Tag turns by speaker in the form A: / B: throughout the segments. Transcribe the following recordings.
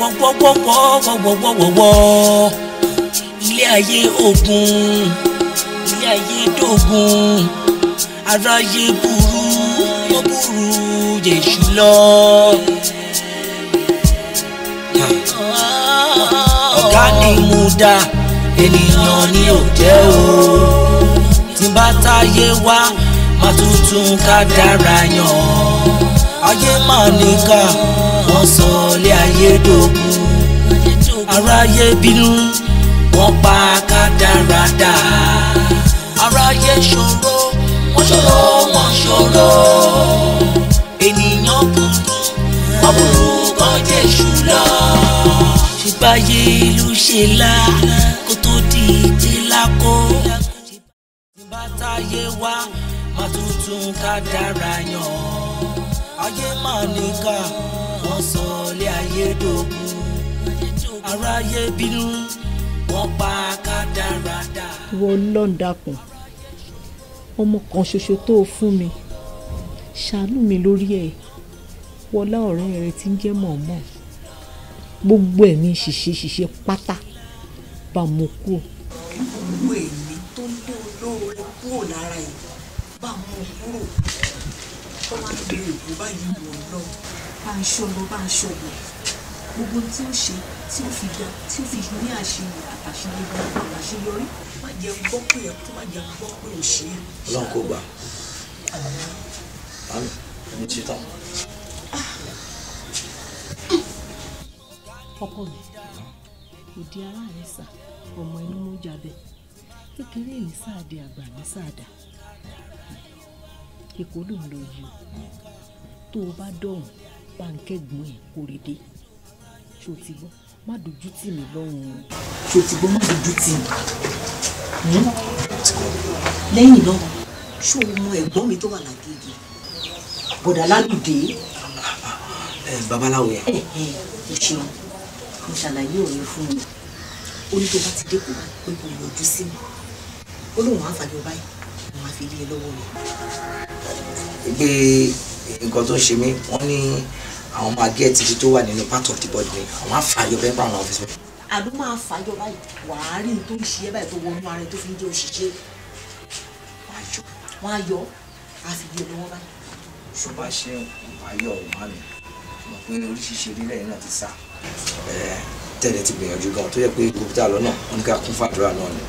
A: wọ́wọ́wọ́wọ́wọ́wọ́wọ́ ilé ayé ogun ilé ayé dógun aráyé buru, ó burú jèṣù lọ. ọ̀gá ni mo dá ènìyàn ni ò jẹ́ o tí bá táyé wá má tuntun ká dára yàn ayé mà níkà wọ́n sọ ilé ayé dògún aráyé bínú wọ́n pa kádàrádà aráyé ṣòro wọ́n ṣòro
B: wọ́n ṣòro
A: ènìyàn burú wọ́n burú kan jẹ́ èṣù lọ. ìlú ṣe la kó tó di ìjì lákó. bàtàyé wa máa tuntun kádàrá yàn ayé máa níkà wọ́n sọ aráyé dogun aráyé bínú wọ́n pa
C: kádàrádà. ìwọ ọlọ́run dákun ọmọ kan ṣoṣo tó o fún mi ṣàánú mi lórí ẹ̀ wọlá ọ̀rẹ́ rẹ tí ń jẹ́ mọ̀ọ́mọ̀ gbogbo ẹ̀mí ṣìṣe ṣìṣe pátá bá mo kú. gbogbo
A: èmi tó ń lé olóró rẹ kúrò lára ẹ bá mo
C: kúrò kọ́ máa ń bèrè òkú báyìí wọ̀ lọ bá ń ṣọ́gbọ́n bá ń ṣọ́gbọ́n gbogbo tí ó ṣe tí ó fi dá tí ó fi ní àṣeyọrí àtàṣeyọrí
A: àtàṣeyọrí má jẹ́ gbọ́ pé ẹ̀ kó má jẹ́ gbọ́ pé ò ṣe é. ọlọ́run kò gbà
D: á ní ti tán.
C: ọkọ mi òde ara rẹ sà ọmọ inú mú jábẹ kékeré ní sáàdì àgbà ní sáàdà
A: èkó ló ń lọ yìí tó o bá dọ̀hún bá ń kẹ́gbọ́n ẹ̀ kórè dé ṣó ti gbọ́ má dojú tì mí lọ́rùn o ṣó ti gbọ́ má dojú tì mí hmm? lẹ́yìn náà ṣó o mọ ẹ̀gbọ́n mi
E: tó wà lágbègbè
A: bọ̀dà babaláwo yẹn. o ṣeun mo ṣàlàyé òye fún mi ó ní tó bá ti dẹ́kun pé kò yọjú sí mi ó lóun á fàyọ báyìí òun á fi lé e lọ́wọ́ mi. pé nǹkan tó ń ṣe mí wọ́n ní àwọn máa gẹ́ẹ̀tì tí tó wà nínú part of the body mi àwọn àfàyọ bẹ́ẹ̀ bá àwọn ọ̀fíìsì mi. àdó máa fàyọ báyìí wàá rí ní tó ń ṣe é báyìí tó wọnú ara ẹ tó fi ń jẹ òṣìṣẹ́ wọn á yọ àfi bí olówó báyìí. tó bá ṣe àyọ ọ̀hún mi mo pé oríṣiríṣi orílẹ̀ yìí náà ti sá. tẹ́lẹ̀ ti gbìyànjú gan tó yẹ pé gbogbo àlọ́ náà wọn ní ká kún fàdúrà náà ni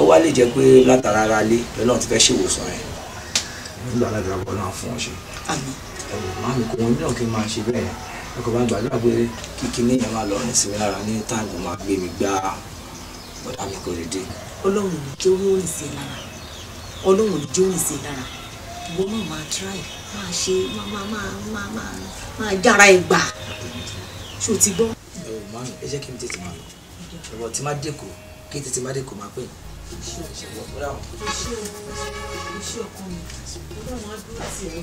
A: ó wá lè jẹ́ pé látara ara lé lọ́nà ti fẹ́ ṣèwòsàn yẹn. nígbà aládùúgbò náà fún ọ ṣe. àmín ẹ̀wọ̀n máa mi kò wọ́n nílò kí n máa ṣe bẹ́ẹ̀ ẹ kò bá gbàdúrà pé kíkí ní ìyẹn máa lọ rìn sí mi lára ní táàmù máa gbé mi gbá bọ̀dá mi kò lè dé. ọlọ́run ní kí ó rìn sí ẹ lára ọlọ́run ní kí ó rìn sí ẹ lára ìwọ náà máa try máa ṣe máa máa máa máa máa yára ẹ gbà ṣó ti gbọ́. ẹ̀wọ̀n máa mi ẹ jẹ́ kí n tètè máa lọ ẹ̀wọ̀n tí má dẹ́kọ̀ kí tètè má dẹ́kọ̀ máa pè é iṣẹ́ ọkọ mi ọlọ́run á dúró tì ẹ́.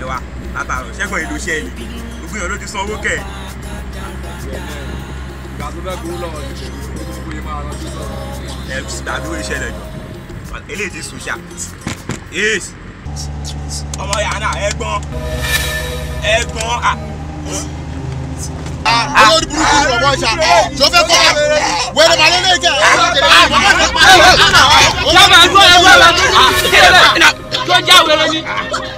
A: ẹ wá látàrọ ṣẹ́gun ìlú iṣẹ́ yìí gbogbo èèyàn ló ti san owó kẹ̀. ìgbà tó bẹ́ẹ̀ gbowó lọ́wọ́ ti ṣe gbogbo yẹn máa rántí sọ̀rọ̀. ẹ gbàdúró iṣẹ́ rẹ̀ jù eléyìí ti sùn ṣá ọmọ yàrá ẹ̀gbọ́n ẹ̀gbọ́n olórí burúkú ni bàbá ọjà tó fẹ́ kọ́ wa wẹ̀rẹ̀ ma lé lẹ́gẹ̀ olórí burúkú ni bàbá ọjà. tó já wẹ̀rẹ̀ ni.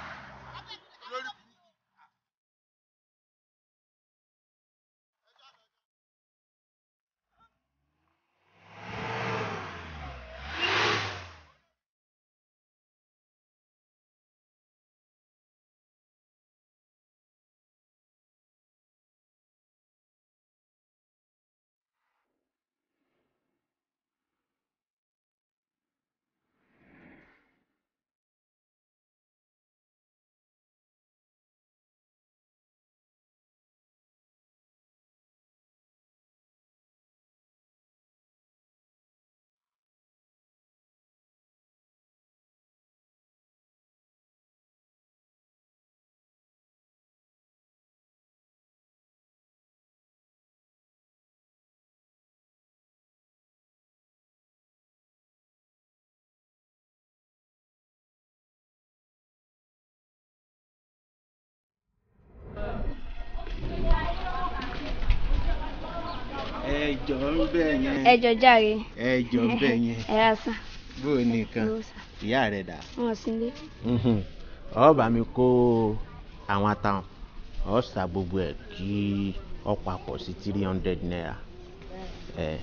F: ẹjọ ń bẹ yẹn.
B: ẹjọ
G: jàre. ẹjọ ń bẹ yẹn. ẹ yà sàn.
E: bó o nìkan ìyá rẹ dà.
G: wọn sì lé.
F: ọ bá mi kó àwọn àtàwọn ọ gbogbo ẹ kí ọ sí three hundred naira. ẹ.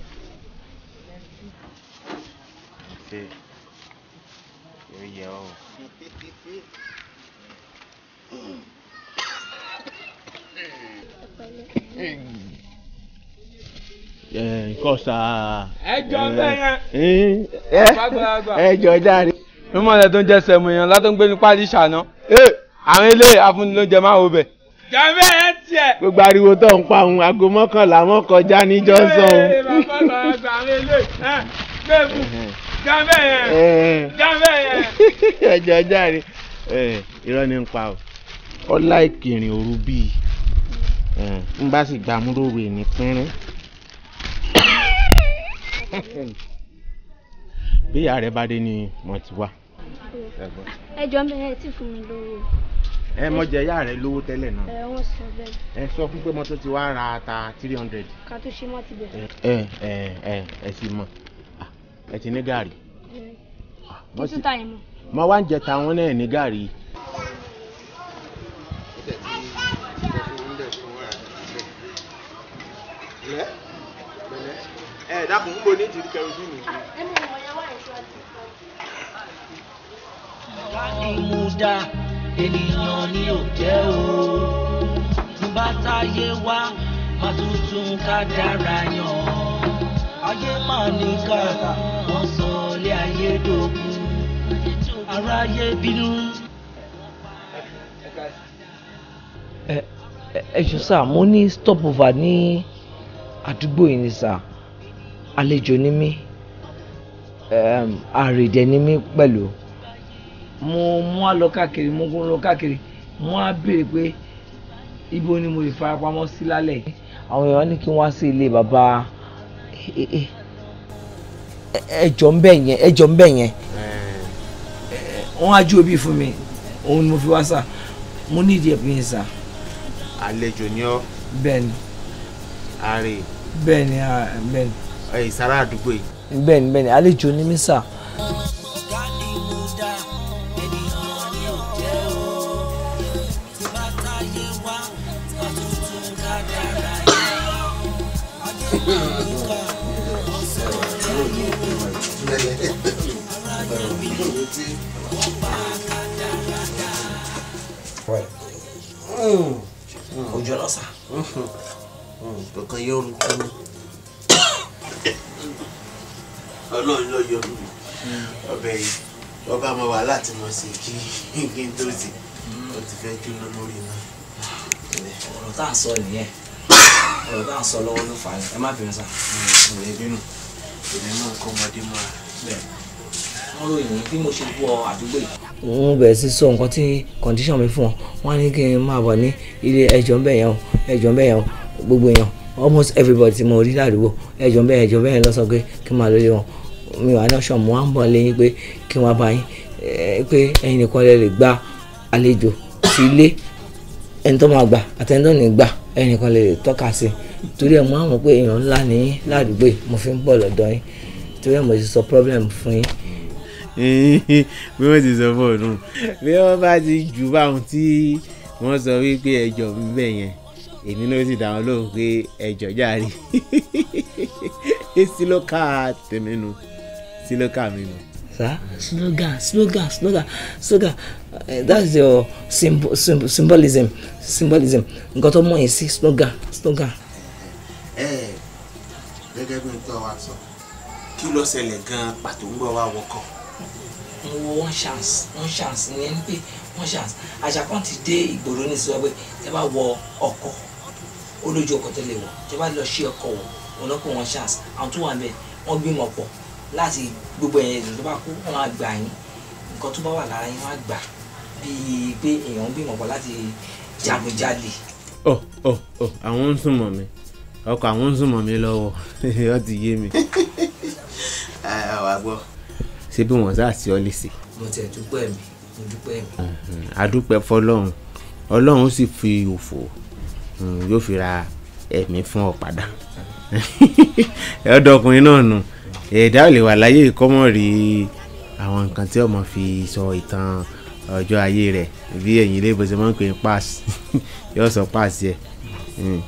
B: ṣe
F: nkọsa. ẹjọ bẹyẹn. ẹjọ jáde. mímọ tó ń jẹ yẹn ń gbé ní pálí ṣàná. àwọn ilé afúnilóúnjẹ máa jàmbá ẹ tiẹ. gbogbo ariwo tó ń pa òun aago mọ́kànlá mọ́kànjá ní johnson. jàmbá jàmbá ẹjọ irọ́ ni ń pa o. ọlá ìkìrìn òru bíi n bá sì ní pínrín. bí ìyá rẹ bá dé ni mo ti wá.
G: ẹ jọ mi ẹ ti fún mi lówó.
F: ẹ mọ jẹ ìyá rẹ lówó tẹ́lẹ̀ náà. ẹ wọ́n sọ bẹ́ẹ̀. ẹ sọ fún pé mo tún ti wá ra ata three hundred.
G: ká tó ṣe mọ́ ti bẹ̀rẹ̀.
D: ẹ
F: ẹ ẹ ẹ sì mọ ẹ ti ní gàrí.
G: mo tún ta ìmọ̀.
F: mo wá ń jẹ tàwọn náà ní gàrí. Yeah ẹ dákun ń
G: ní ìdí kẹrosínì. ìmúdá ènìyàn ni ò jẹ́ o bá táyé wá má tuntun ká dára yàn ayé mà níkà wọ́n sọ ilé ayé dògún aráyé bínú.
D: ẹ ẹ ṣe sá mo ní stopover ní àdúgbò yìí ni sá àlejò ni mí um, àrèdè ni mí pẹ̀lú mo mú a lọ káàkiri mo gún lọ káàkiri mo á béèrè pé ibo ni mo lè farapamọ́ sí lálẹ́. àwọn èèyàn ní kí wọ́n á sí ilé bàbá ẹjọ ń bẹ yẹn ẹjọ ń bẹ yẹn.
A: wọ́n á ju òbí fún mi òun ni mo fi wá sà mo ní ìdí ẹ̀pìn sà. àlejò ni ọ. bẹ́ẹ̀ni. àrè. bẹ́ẹ̀ni bẹ́ẹ̀ni ìsàrà àdúgbò yìí. bẹ́ẹ̀ni bẹ́ẹ̀ni àlejò ni mí sà. Hmm. Hmm. ojú ọlọ́sà hmm. kankan yóò rú kú ọlọ́run ló yọ mí ọbẹ̀ yìí ọba ọmọ wa láti mọ̀ sí kí kí n tó sì ó ti fẹ́ jóná lórí iná. ọ̀rọ̀ tá à ń sọ nìyẹn ọ̀rọ̀ tá à ń sọ lọ́wọ́ ló fà á ẹ má bínú sá. ọ̀rẹ́ bínú èmi náà kọ́ ọmọdé mọ́ra. wọ́n ròyìn bí mo ṣe wọ àdúgbò yìí. wọ́n bẹ̀rẹ̀ sí sọ nǹkan tí condition mi fún wọn wọ́n á ní kí n máa bọ̀ ní ilé ẹjọ́ ń bẹ̀ ẹjọ́ ń bẹ̀ gbogbo yẹn almost everybody tí mo rí ládùúgbò ẹjọ bẹ́ẹ̀ ẹjọ bẹ́ẹ̀ lọ sọ pé kí n máa lórí wọn mi wà náà ṣọ̀mù wá ń bọ̀ lẹ́yìn pé kí n wá bá yín pé ẹ̀yin nìkan lè lè gba àlejò sí ilé ẹni tó máa gbà àtẹni ní gbà ẹ̀yin nìkan lè lè tọ́ka sí i torí ẹ̀ mo á mọ̀ pé èèyàn ńlá ní ládùúgbò mo fi ń bọ̀ lọ́dọ̀ yín torí ẹ̀ mo ti sọ problem fún yín bí wọ́n ti sọ fún ọdún bí wọ́n bá ti jù báwọn tí wọ́n sọ wípé ẹjọ́ bíbẹ̀ yẹn èmi náà sì dáhùn lóhùn pé ẹjọ́ járe sílókà tèmi nu sílókà mi nu. sir
C: slogan slogan slogan
A: slogan uh, that's your symbol, symbol, symbolism symbolism nǹkan tó mọ̀ yẹn sí slogan slogan.
E: ẹ ẹ gẹ́gẹ́ bí n tọ́ wa sọ kí ló ṣẹlẹ̀ gan pàtó ń gbọ́ wa wọkọ̀. mo wo one chance one chance
A: ìyẹn ni pé one chance àṣà kan ti dé ìgboro ní sọ pé tẹ bá wọ ọkọ̀ olójú ọkọ̀ tẹ́lẹ̀ wọ̀ tí wọ́n bá lọ ṣí ọkọ̀ wọ̀ wọn lọ́pọ̀ wọn ṣáàs àwọn tó wà bẹ́ẹ̀ wọ́n gbìmọ̀ pọ̀ láti gbogbo ẹ̀yẹ tó bá kú wọn á gbà yín nǹkan tó bá wà lára yín wọn á gbà bíi pé èèyàn ń gbìmọ̀ pọ̀ láti jagunjalè. ọ ọ ọ àwọn ń sùn mọ́ mi ọkọ àwọn ń sùn mọ́ mi lọ́wọ́ ọ ti yé mi. ṣé bí wọ́n sáà sí ọ lè ṣe. mo tẹ̀ dúpẹ́ mi mo dúpẹ́ mi. àdúpẹ́ fọlọ́run ọlọ́run sì fi òfò Hmm, yóò fi ra ẹ̀mí fún ọ padà ọ̀dọ̀ ọkùnrin náà nù ẹ̀dá ò lè wà láyé ìkọ́mọ̀ rí àwọn nǹkan tí ọmọ fi sọ ìtàn ọjọ́ ayé rẹ̀ bí ẹ̀yìn ilé ìbòsàn máa ń pè ní pass yóò sọ pass yẹ
E: hmm.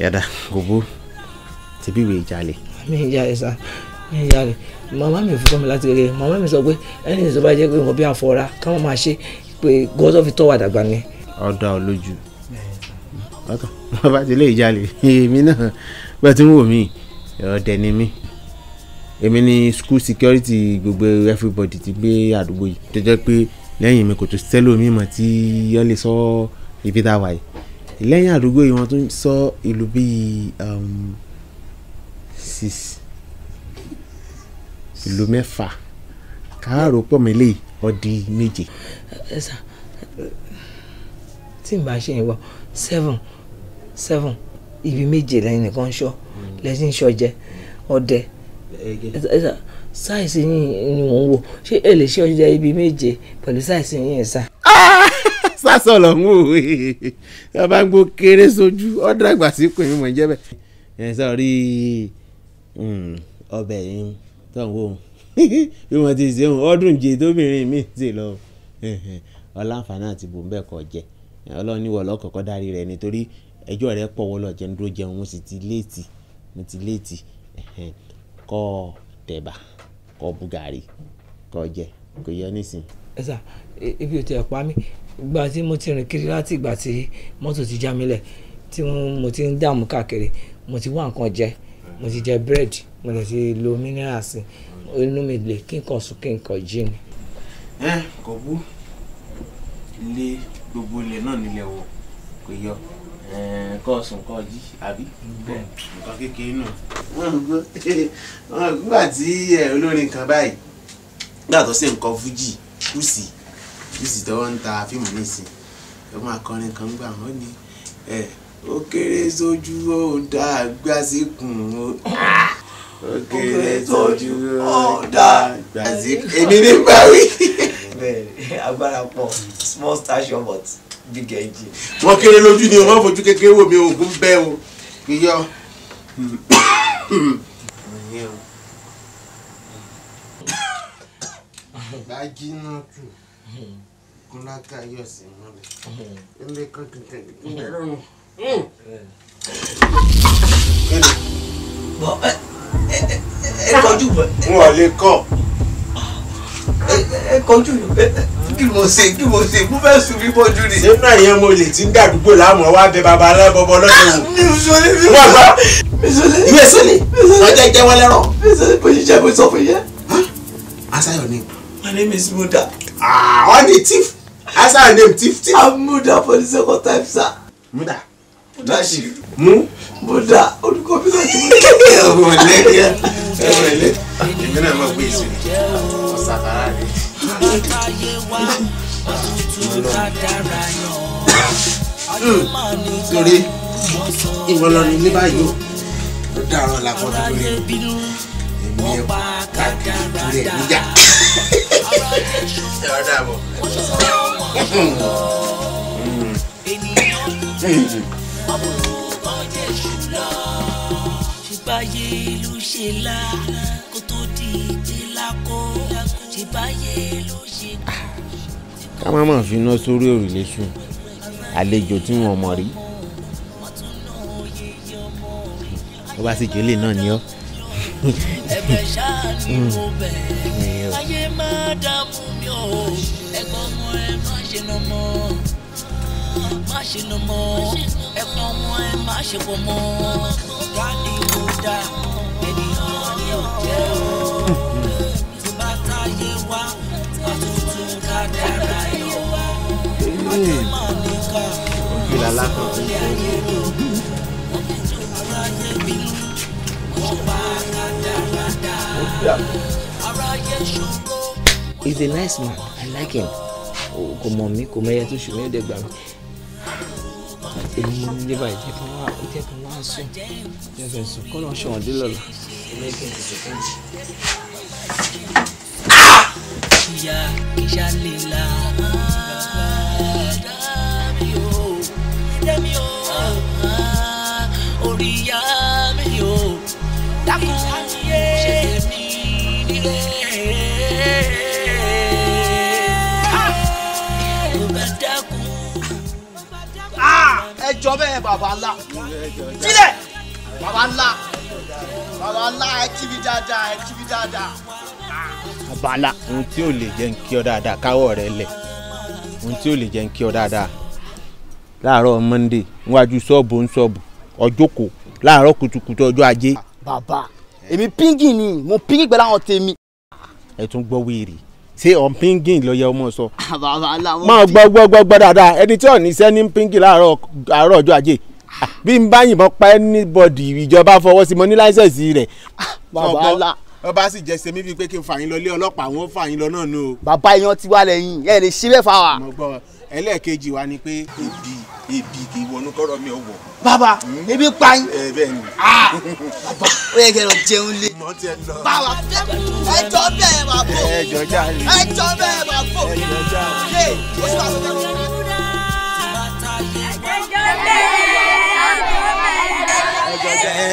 E: yàda kò bó tẹ̀bí ìwé ìjàlè.
C: mi ń jalè sa
A: mi ń jalè màmá mi fún mi láti rere màmá mi sọ pé ẹni ìsọba jẹ́ pé nǹkan bí àfọra káwọn máa ṣe pé gọ́sọ́ fi tọ́ wà ni.
E: ọ̀dà olójú ọ̀tọ̀ bàbá ti lè jalè èmi náà bẹ́ẹ̀ tí ń wò mí ọ̀dẹ̀ ni mí
A: èmi ni school security gbogbo everybody ti gbé àdúgbò yìí tó jẹ́ pé lẹ́yìn mi kò tó sẹ́lómi mọ̀ tí wọ́n lè sọ ibi tá a wà yìí lẹ́yìn àdúgbò yìí wọ́n tún sọ ìlú bíi um, six ìlú mẹ́fà káàró pọ̀ mí lè ọdí méje. tí n bá ṣe ìwọ seven seven ibi méje lẹ́yìn nìkan ṣọ́ hmm. lẹ́yìn ṣọ́ jẹ ọdẹ sáìsì yìí ni mò ń wò ṣé ẹ lè ṣe ọjà ibi méje pẹ̀lú sáìsì yìí ẹ̀ sá. Ah! sásọ lọ ń wò ẹ bá ń gbó kéré sójú ọdún àgbà sí pé mi mọ̀ ń jẹ́ bẹ́ẹ̀. ẹ sọ rí hmm, ọbẹ̀ yìí tó ń wò ó bí wọ́n ti ṣe ọdún jẹ tóbìnrin mi ti lọ ọláǹfààní àti bòńbẹ́ kọ jẹ ọlọ́ọ̀ni wọ̀ lọ́kọ̀ọ́kọ́ dárí rẹ̀ nítorí ẹjọ́ rẹ pọ̀ wọ́lọ̀ jẹun dúró jẹun mo sì ti léètì mo ti léètì kọ́ ọ tẹ̀bà kọ́ bu gàrí kọ́ jẹ kò yọ nísìn. ẹ sà ibi e, òtí ẹ̀ pa mí ìgbà tí mo ti rìn kiri láti ìgbà tí mọ́tò ti já mi lẹ̀ tí mo ti ń dààmú káàkiri mo ti wá nǹkan jẹ mo ti jẹ búrẹ́dì mo lè ti lo mineral sí inú mi lè kí nǹkan sùn kí nǹkan jí ni.
G: ẹ kò bú
A: ilé gbogbo ilé náà nílẹ̀ wọ̀ kò yọ kọ́ sùn kọ́ jí àbí. nǹkan kékeré náà. nígbà tí eh, olórin kan báyìí nígbà tó ṣe nǹkan fújì kùsì kùsì tọwọ́ ń ta fíìmù nísìn ẹ máa kọrin kan gbà wọ́n ni eh, ó kéré sójú ó dàgbà síkùn ó ó kéré sójú ó dàgbà síkùn èmi ní báwí. bẹ́ẹ̀ agbára pọ̀ small stature but gíga ẹ̀jẹ̀
G: wọn kéré lójú
A: ni wọn fojú kékeré wò mí
H: oògùn bẹ́ o iyọ.
E: bájí náà tù kúnláka yọ sí mọ́lẹ̀ ilé kankan kankan
A: bọ ẹ ẹ kọjú bọ. n ò lè kọ ẹ kọjú kí mo ṣe kí mo ṣe mo fẹ́ sùn mí bọ́jú ni. ṣé náà yẹn mo lè ti ń dàdúgbò láàmú wá bẹ baba alábọbọ lọ́dọ̀ wò.
B: mi ò sọ ní mi ò sọ
A: mi sọ ní. ìwé sọlẹ ọjà jẹ wọn lẹrọ. mi sọ ní bóyá jẹ bó sọ fún yẹ. Asayo ni. my name is Muda. ah ọ ni thief Asayo name thief thief. i'm Muda for the second time sir. Muda. Muda ṣì. mu. Muda olùkọ́ bí wọ́n ti mú. ẹ wọlé ẹ wọlé
H: èmi náà máa gbé ìsinmi sàkárà rẹ.
C: àtàyè wa
A: òtútù kádàrá yàn. torí ìwọ
E: lọ ní báyìí ó
A: ló dáràn làkọọdún lórí èmi ẹ káàkiri ìdílé níjà. ẹ ọ̀dà bọ̀ ẹ sọ sọ báyé ló ṣe la kó tó di ìgbé ká má má fi iná sórí òrùlé sùn àlejò tí wọn mọ̀ rí
E: ó bá sì jólè náà ni ọ́. ẹ̀bẹ̀ ṣáà ni mo bẹ̀ ayé
B: má dààmú mi ò ẹ̀gbọ́n ọmọ
A: ẹ má ṣe nà mọ́ má ṣe nà mọ́ ẹ̀gbọ́n ọmọ ẹ má ṣe pọ̀ mọ́ ọ̀gá ni mo dá ènìyàn ni ọ̀jẹ̀
B: o wá àtúntò kádàrá yọ.
A: Ìmọ̀lẹ́ mọ̀ ní ká ọ̀sán ilé ayé mi ò tó ara yẹ mi
B: lù wọ́n bá Ara yẹ ṣòro.
A: He's a nice man. I like him. Kò mọ̀ mí, kò mẹ́yẹ tó ṣù mí, ó dẹ̀ gbà mí èmi ní ilé báyìí jẹ́kọ̀ wá jẹ́kọ̀ wá sùn jẹ́kọ̀ sùn kọ́ lọ́ọ́ ṣọ̀wọ́n dé lọ́la ìyá ìyálélá.
C: Dámi o, dámi o, orí ìyá mi o, dákun ṣe tèmi nílé.
A: ńlá. Sílẹ̀! Bàbá ńlá. Bàbá ńlá ẹ kí mi dáadáa ẹ kí mi dáadáa abala ohun tí ò lè jẹ́ ń kí ọ dáadáa káwọ́ rẹ lẹ̀ ohun tí ò lè jẹ́ ń kí ọ dáadáa láàárọ̀ monday níwájú ṣọ́ọ̀bù ń ṣọ́ọ̀bù ọjọ́kọ̀ láàárọ̀ kùtùkùtù ọjọ́ ajé. bàbá èmi píngì ni mo píngì pẹ̀lú àwọn tèmi. ẹ tún gbọ́ wéèrè ṣé ọ̀ píngì ló yẹ ọmọ sọ. Ah, máa gbọ́ gbọ́ gbọ́ dáadáa ẹni tí ò ní sẹ́ni píngì láàárọ̀ ọjọ́ ajé ah, bí n bá yìnbọn pa anybody ìjọba fọwọ́ sí mo ní láìsẹ̀sì rẹ̀. Ah, bàbá wọ́n bá sì jẹ́ sẹ́mi bíi pé kí n fà yín lọ ilé ọlọ́pàá àwọn fà yín lọ náà nù o. bàbá yan ti wá lẹ́yìn ẹ lè ṣe bẹ́ẹ̀ fà wá. mo gbọ́ ẹlẹ́ẹ̀kejì wa ni pé ebi ebi kì í wọnú kọ́rọ̀ mi ò wọ̀. bàbá hmm? ebi pa yín. ẹ eh, bẹ́ẹ̀ ni. Ah! bàbá ó yẹ kẹrọ jẹun lé. mọ ti ẹ lọ. bàbá ẹ jọ bẹ́ẹ̀ máa bò. ẹ jọ jáde. ẹ jọ
B: bẹ́ẹ̀ máa bò. ẹ jọ jáde. ṣé o ṣe àṣọ tẹ́lẹ̀.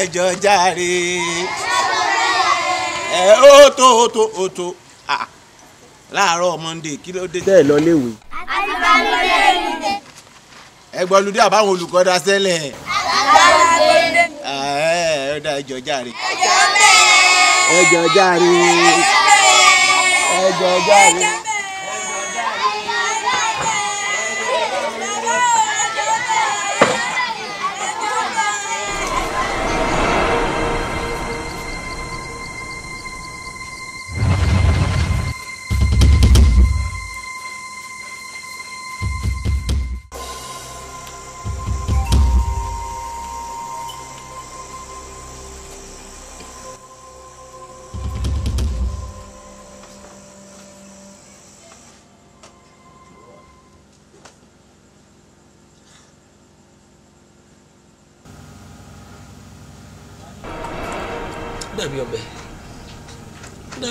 A: ẹ jọ jáde. ẹ jọ jáde ẹ eh, ó tó ó tó ó tó láàárọ̀ monday kí ló dé. bẹ́ẹ̀ lọ léwe.
B: àtìbálòdé ìlúdé.
A: ẹ gbọ́ lùdí àbáwọn olùkọ́ da sẹ́lẹ̀.
B: àtìbálòdé.
A: ẹ ọ̀dà ẹjọ́ jàre.
B: ẹjọ́ bẹ́ẹ̀.
A: ẹjọ́
F: jàre. ẹjọ́ bẹ́ẹ̀. ẹjọ́ jàre.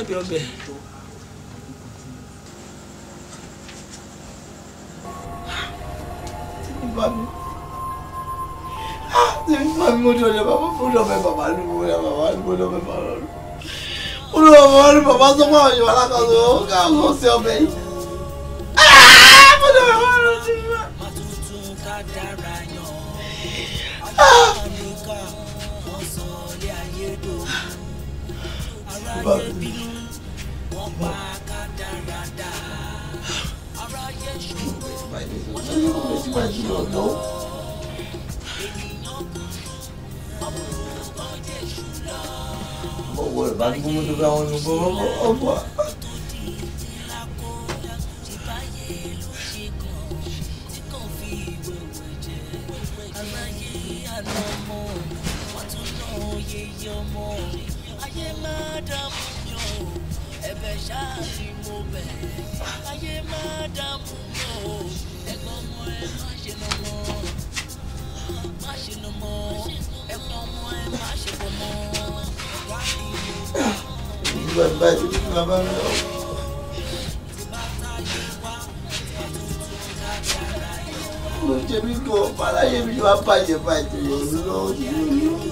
D: ọbẹ̀ ọbẹ̀. Ah,
A: tèmi bá mi mo dọ̀dọ̀ bàbá mo dọ̀bẹ̀ bàbá ni mo dọ̀bẹ̀ bàbá ni mo dọ̀bẹ̀ bàbá ni mo dọ̀bẹ̀ bàbá ni bàbá sọ fún àwọn ìyàwó alákàtọ̀ ó ká àwọn ọ̀sẹ̀ ọbẹ̀ yìí.
B: Ah, mo dọ̀bẹ̀ bàbá ni mo dọ̀bẹ̀ bàbá.
A: ló What? bí mi. Mo wọ ìbánigbó mo
D: tó What? wọn ní gbogbo ọgbà.
C: ṣáàtì mo bẹ̀ ayé má dààmú mọ́ o ẹ̀gbọ́n ọmọ ẹ má ṣe nà mọ́ má ṣe nà mọ́
D: ẹ̀gbọ́n ọmọ ẹ má ṣe pọ̀ mọ́ wá ní ìlú. ìlú bàbá ti ní bàbá rẹ ọ.
A: mi kọ ọba aláyé mi wá bàjẹ́ bàjẹ́ lọ́wọ́ nínú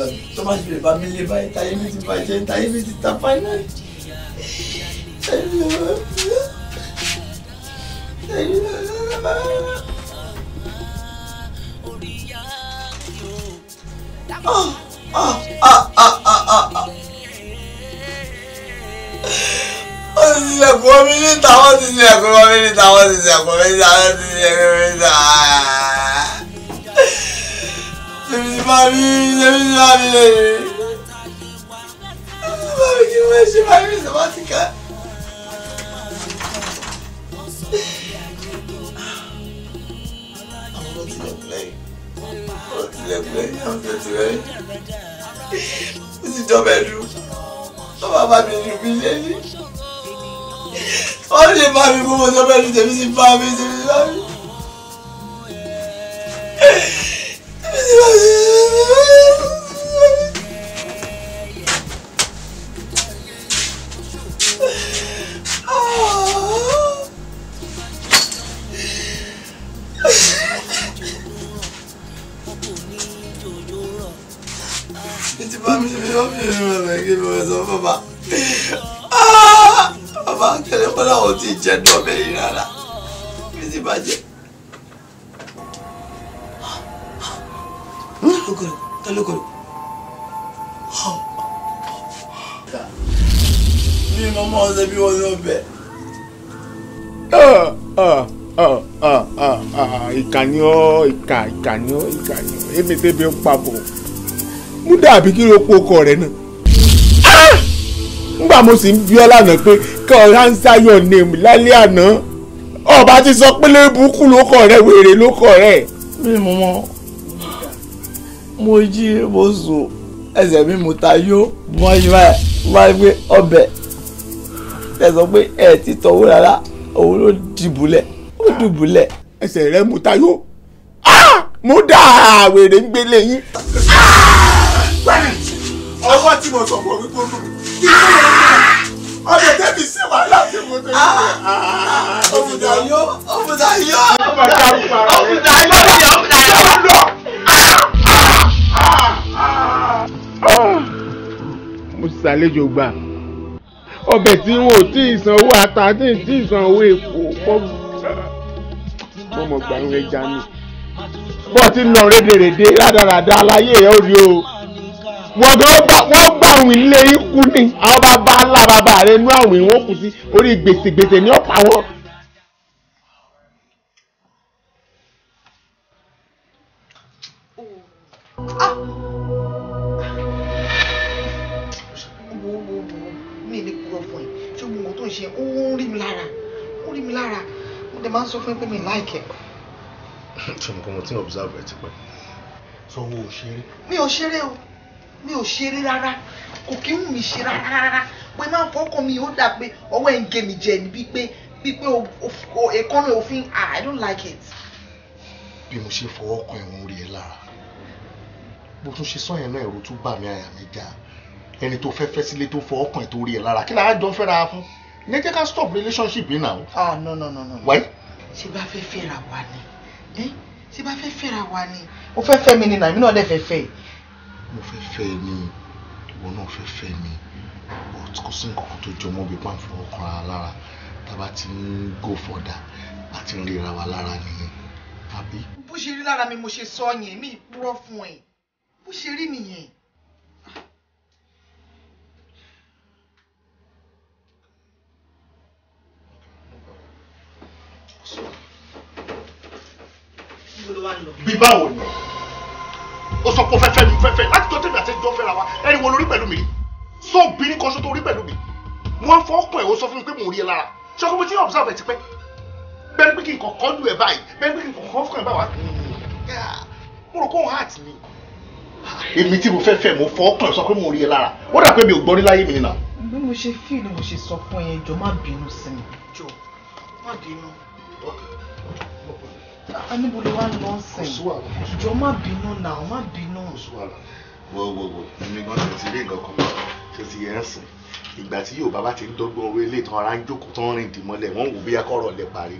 D: bá mi tó bá ti lè bá mi lé báyìí táyé mi ti bàjẹ́ táyé mi ti ta fáínàlì
A: táyé mi ti táyé ta fáínàlì.
C: Ah, ah, ah, ah, ah, ah.
A: ti ṣe ẹ̀kọ́ mi níta wọ́n ti ṣe ẹ̀kọ́ mi níta wọ́n ti ṣe ẹ̀kọ́ mi níta wọ́n èmi bá mi èmi bá mi lè rí èmi bá mi kí wọ́n ṣe bá mi sọ wá ti ká. àwọn ọtí lè pẹ́ ọtí lè pẹ́ àwọn ọtí lè pẹ́ ó sì dọ́bẹ̀ dùn wọ́n bá bá mi rìn mí lẹ́yìn wọ́n lè bá mi gbogbo dọ́bẹ̀ dùn tèmi sì
B: Ah, ti
D: fa mi fa piacere che mi sono papà.
B: Ah!
D: Papà, che ne parlo di gente americana. Mi si piace.
A: Talukoro, talukoro. Mi mọ mọ ọsẹ bí wọn ló bẹ. Ìkà ni ọ́, ìkà, ìkà ni ọ́, ìkà ni ọ́. Èmi tẹ́bi ń papọ̀. Mú dàbí kí ló po ọkọ rẹ̀ náà. Ngbà mo sì ń bí ọ lánàá pé kí ọ ránṣá yọ̀ nèmí lálẹ́ àná. Ọba ti sọ pé lébùkún ló kọ̀ rẹ̀ wèrè ló kọ̀ rẹ̀.
D: Mi mọ̀ mọ́ mo jí
A: mo sùn ẹsẹ̀ mi mo ta yó wọ́n yí báyìí wọ́n á gbé ọbẹ̀ tẹ̀sán pé ẹ̀ ti tọ́wọ́ rárá òun ló dìbúlẹ̀ ó dìbúlẹ̀. ẹsẹ̀ rẹ mo ta yó ah! mo dà wèrè ń gbélé yín. Ah! ọwọ́ tí mo sọ fún mi kó lù kí ló yẹ kí ọbẹ̀ tẹ́bi sí
B: wàhálà tí mo tẹ́bi. òbùdá ah! yó òbùdá yó òbùdá yó.
F: mo sì ṣàlejò gbà ọbẹ̀ tí wọn ò tí ì san owó ata tí ì tí ì san owó epo pọ́ mo mọ̀ gbà ń ẹja mi bọ́ ti lọ rédèrèdè rádaràda aláyé ẹ̀ ó rí o wọ́n gan wọ́n gbà àwìn ilé yín ni àwọn bàbá ńlá bàbá rẹ̀ nú àwìn wọn kù sí orí gbèsègbèsè ní ọ̀pá wọn. like it. ṣé mo kọ́ mo ti ń observe ẹ ti pẹ́. sọ wo ò ṣeré.
G: mi ò ṣeré o mi ò ṣeré rárá kò kí ń mi ṣe rárá rárá pé máa ń fọkàn mi ó dà pé ọwọ́ ẹ̀ ń gé mi jẹ níbi pé bíi pé èkánná òfin ah, I don't like it.
D: bí mo ṣe fọwọ́ kan ẹ̀wọ̀n orí ẹ lára bó tún ṣe sọ yẹn náà ẹ̀rù tún bà mí àyà mi já ẹni tó fẹ́ fẹ́ sílé tó fọwọ́ kan ẹ̀ tó rí ẹ lára kí ni àjọ ń
G: fẹ́ra fún ní jẹ́ ká stop relationship yìí náà. ah no no no no. no ṣé bá fẹ́ fẹ́ra wa ni ṣé bá fẹ́ fẹ́ra wa ni ó fẹ́ fẹ́ mi ni nàmí náà dẹ̀ fẹ́ fẹ́
F: mo fẹ́ fẹ́ ẹ ní ìwọ náà fẹ́ fẹ́ mi but kò sí nǹkan tó jọ mọ́ bí pàǹfọ̀ ọkàn ara lára tá a bá ti ń go fọ̀dà a ti ń ríra wa lára nìyẹn
G: àbí. bó ṣe rí lára mi mo ṣe sọ yẹn mi ìpúrọ̀ fún ẹ bó ṣe rí nìyẹn.
F: bí báwo ni o sọ pé o fẹ́ fẹ́ mi fẹ́ fẹ́ láti jọ tẹ̀mí àti ẹjọ́ fẹ́ra wa ẹni wo lórí pẹ̀lú mi sọ obìnrin kan ṣoṣo rí pẹ̀lú mi mo á fọ́ ọkàn ẹ̀ o sọ fún mi pé mo rí ẹ lára ṣé ọkọ mi ti observe ẹ ti pẹ́ bẹ́ẹ̀ ni pé kí n kọ̀ọ̀kan lù ẹ báyìí bẹ́ẹ̀ ni pé kí n kọ̀ọ̀kan fún ẹ báyìí
G: mo rò pé òun heart mi
F: èmi tí mo fẹ́ fẹ́ mo fọ́ ọkàn sọ pé mo rí ẹ lára ó dà pé mi ò gbọ́ rí láyé mi nìyà.
D: bí mo ṣe fíìlì mo ṣe sọ
G: fún ẹ jọ má bínú sí mi. jọ má bínú níbo ló wá lọ sìn jọ má bínú náà má bínú.
F: wo wo wo èmi gan ṣe ti rí nǹkan kan ṣe ti yẹ ẹ sìn ìgbà tí Yorùbá bá ti ń dọ́gbọ́n orí ilé ìtàn ara ń jókòó tán rìn dì mọ́lẹ̀ wọ́n wò bí akọ́rọ̀ ah ah, ni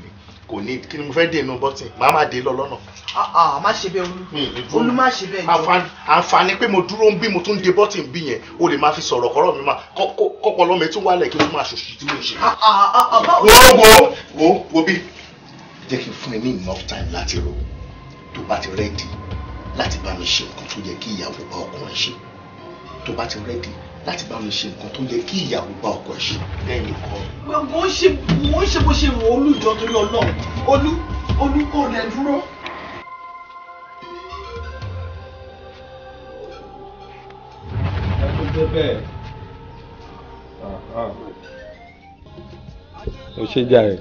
F: kò ní kí ni mo fẹ́ dé inú bọ́tì màá má dé lọ lọ́nà.
G: Ah, ah, má ṣe bẹ́ẹ̀ olú olú má ṣe bẹ́ẹ̀ jọ.
F: àǹfààní pé mo dúró ń bí mo tún dé bọ́tì ń bí yẹn o lè máa fi sọ̀rọ̀ kọ́rọ̀ mi máa kọ́pọ̀lọ́ mi tún wálẹ̀ kí o tún máa
D: ṣòṣì tí mo ṣe. wo wo wo wo bí jẹ́ kí n fún ẹ ní enough time láti rò tó bá ti rẹ́dì láti bá mi ṣe nǹkan tó yẹ kí ìyàwó bá
F: ọkùnrin ṣe tó bá ti rẹ́dì láti bá mi ṣe nǹkan tó yẹ kí ìyàwó bá ọkọ ṣe bẹ́ẹ̀ ni wọ́n ṣe wọ́n ṣe bó ṣe rò olùjọ torí ọlọ́run olú olú kò lè dúró. ẹ tó dé bẹ́ẹ̀. o ṣe jàre.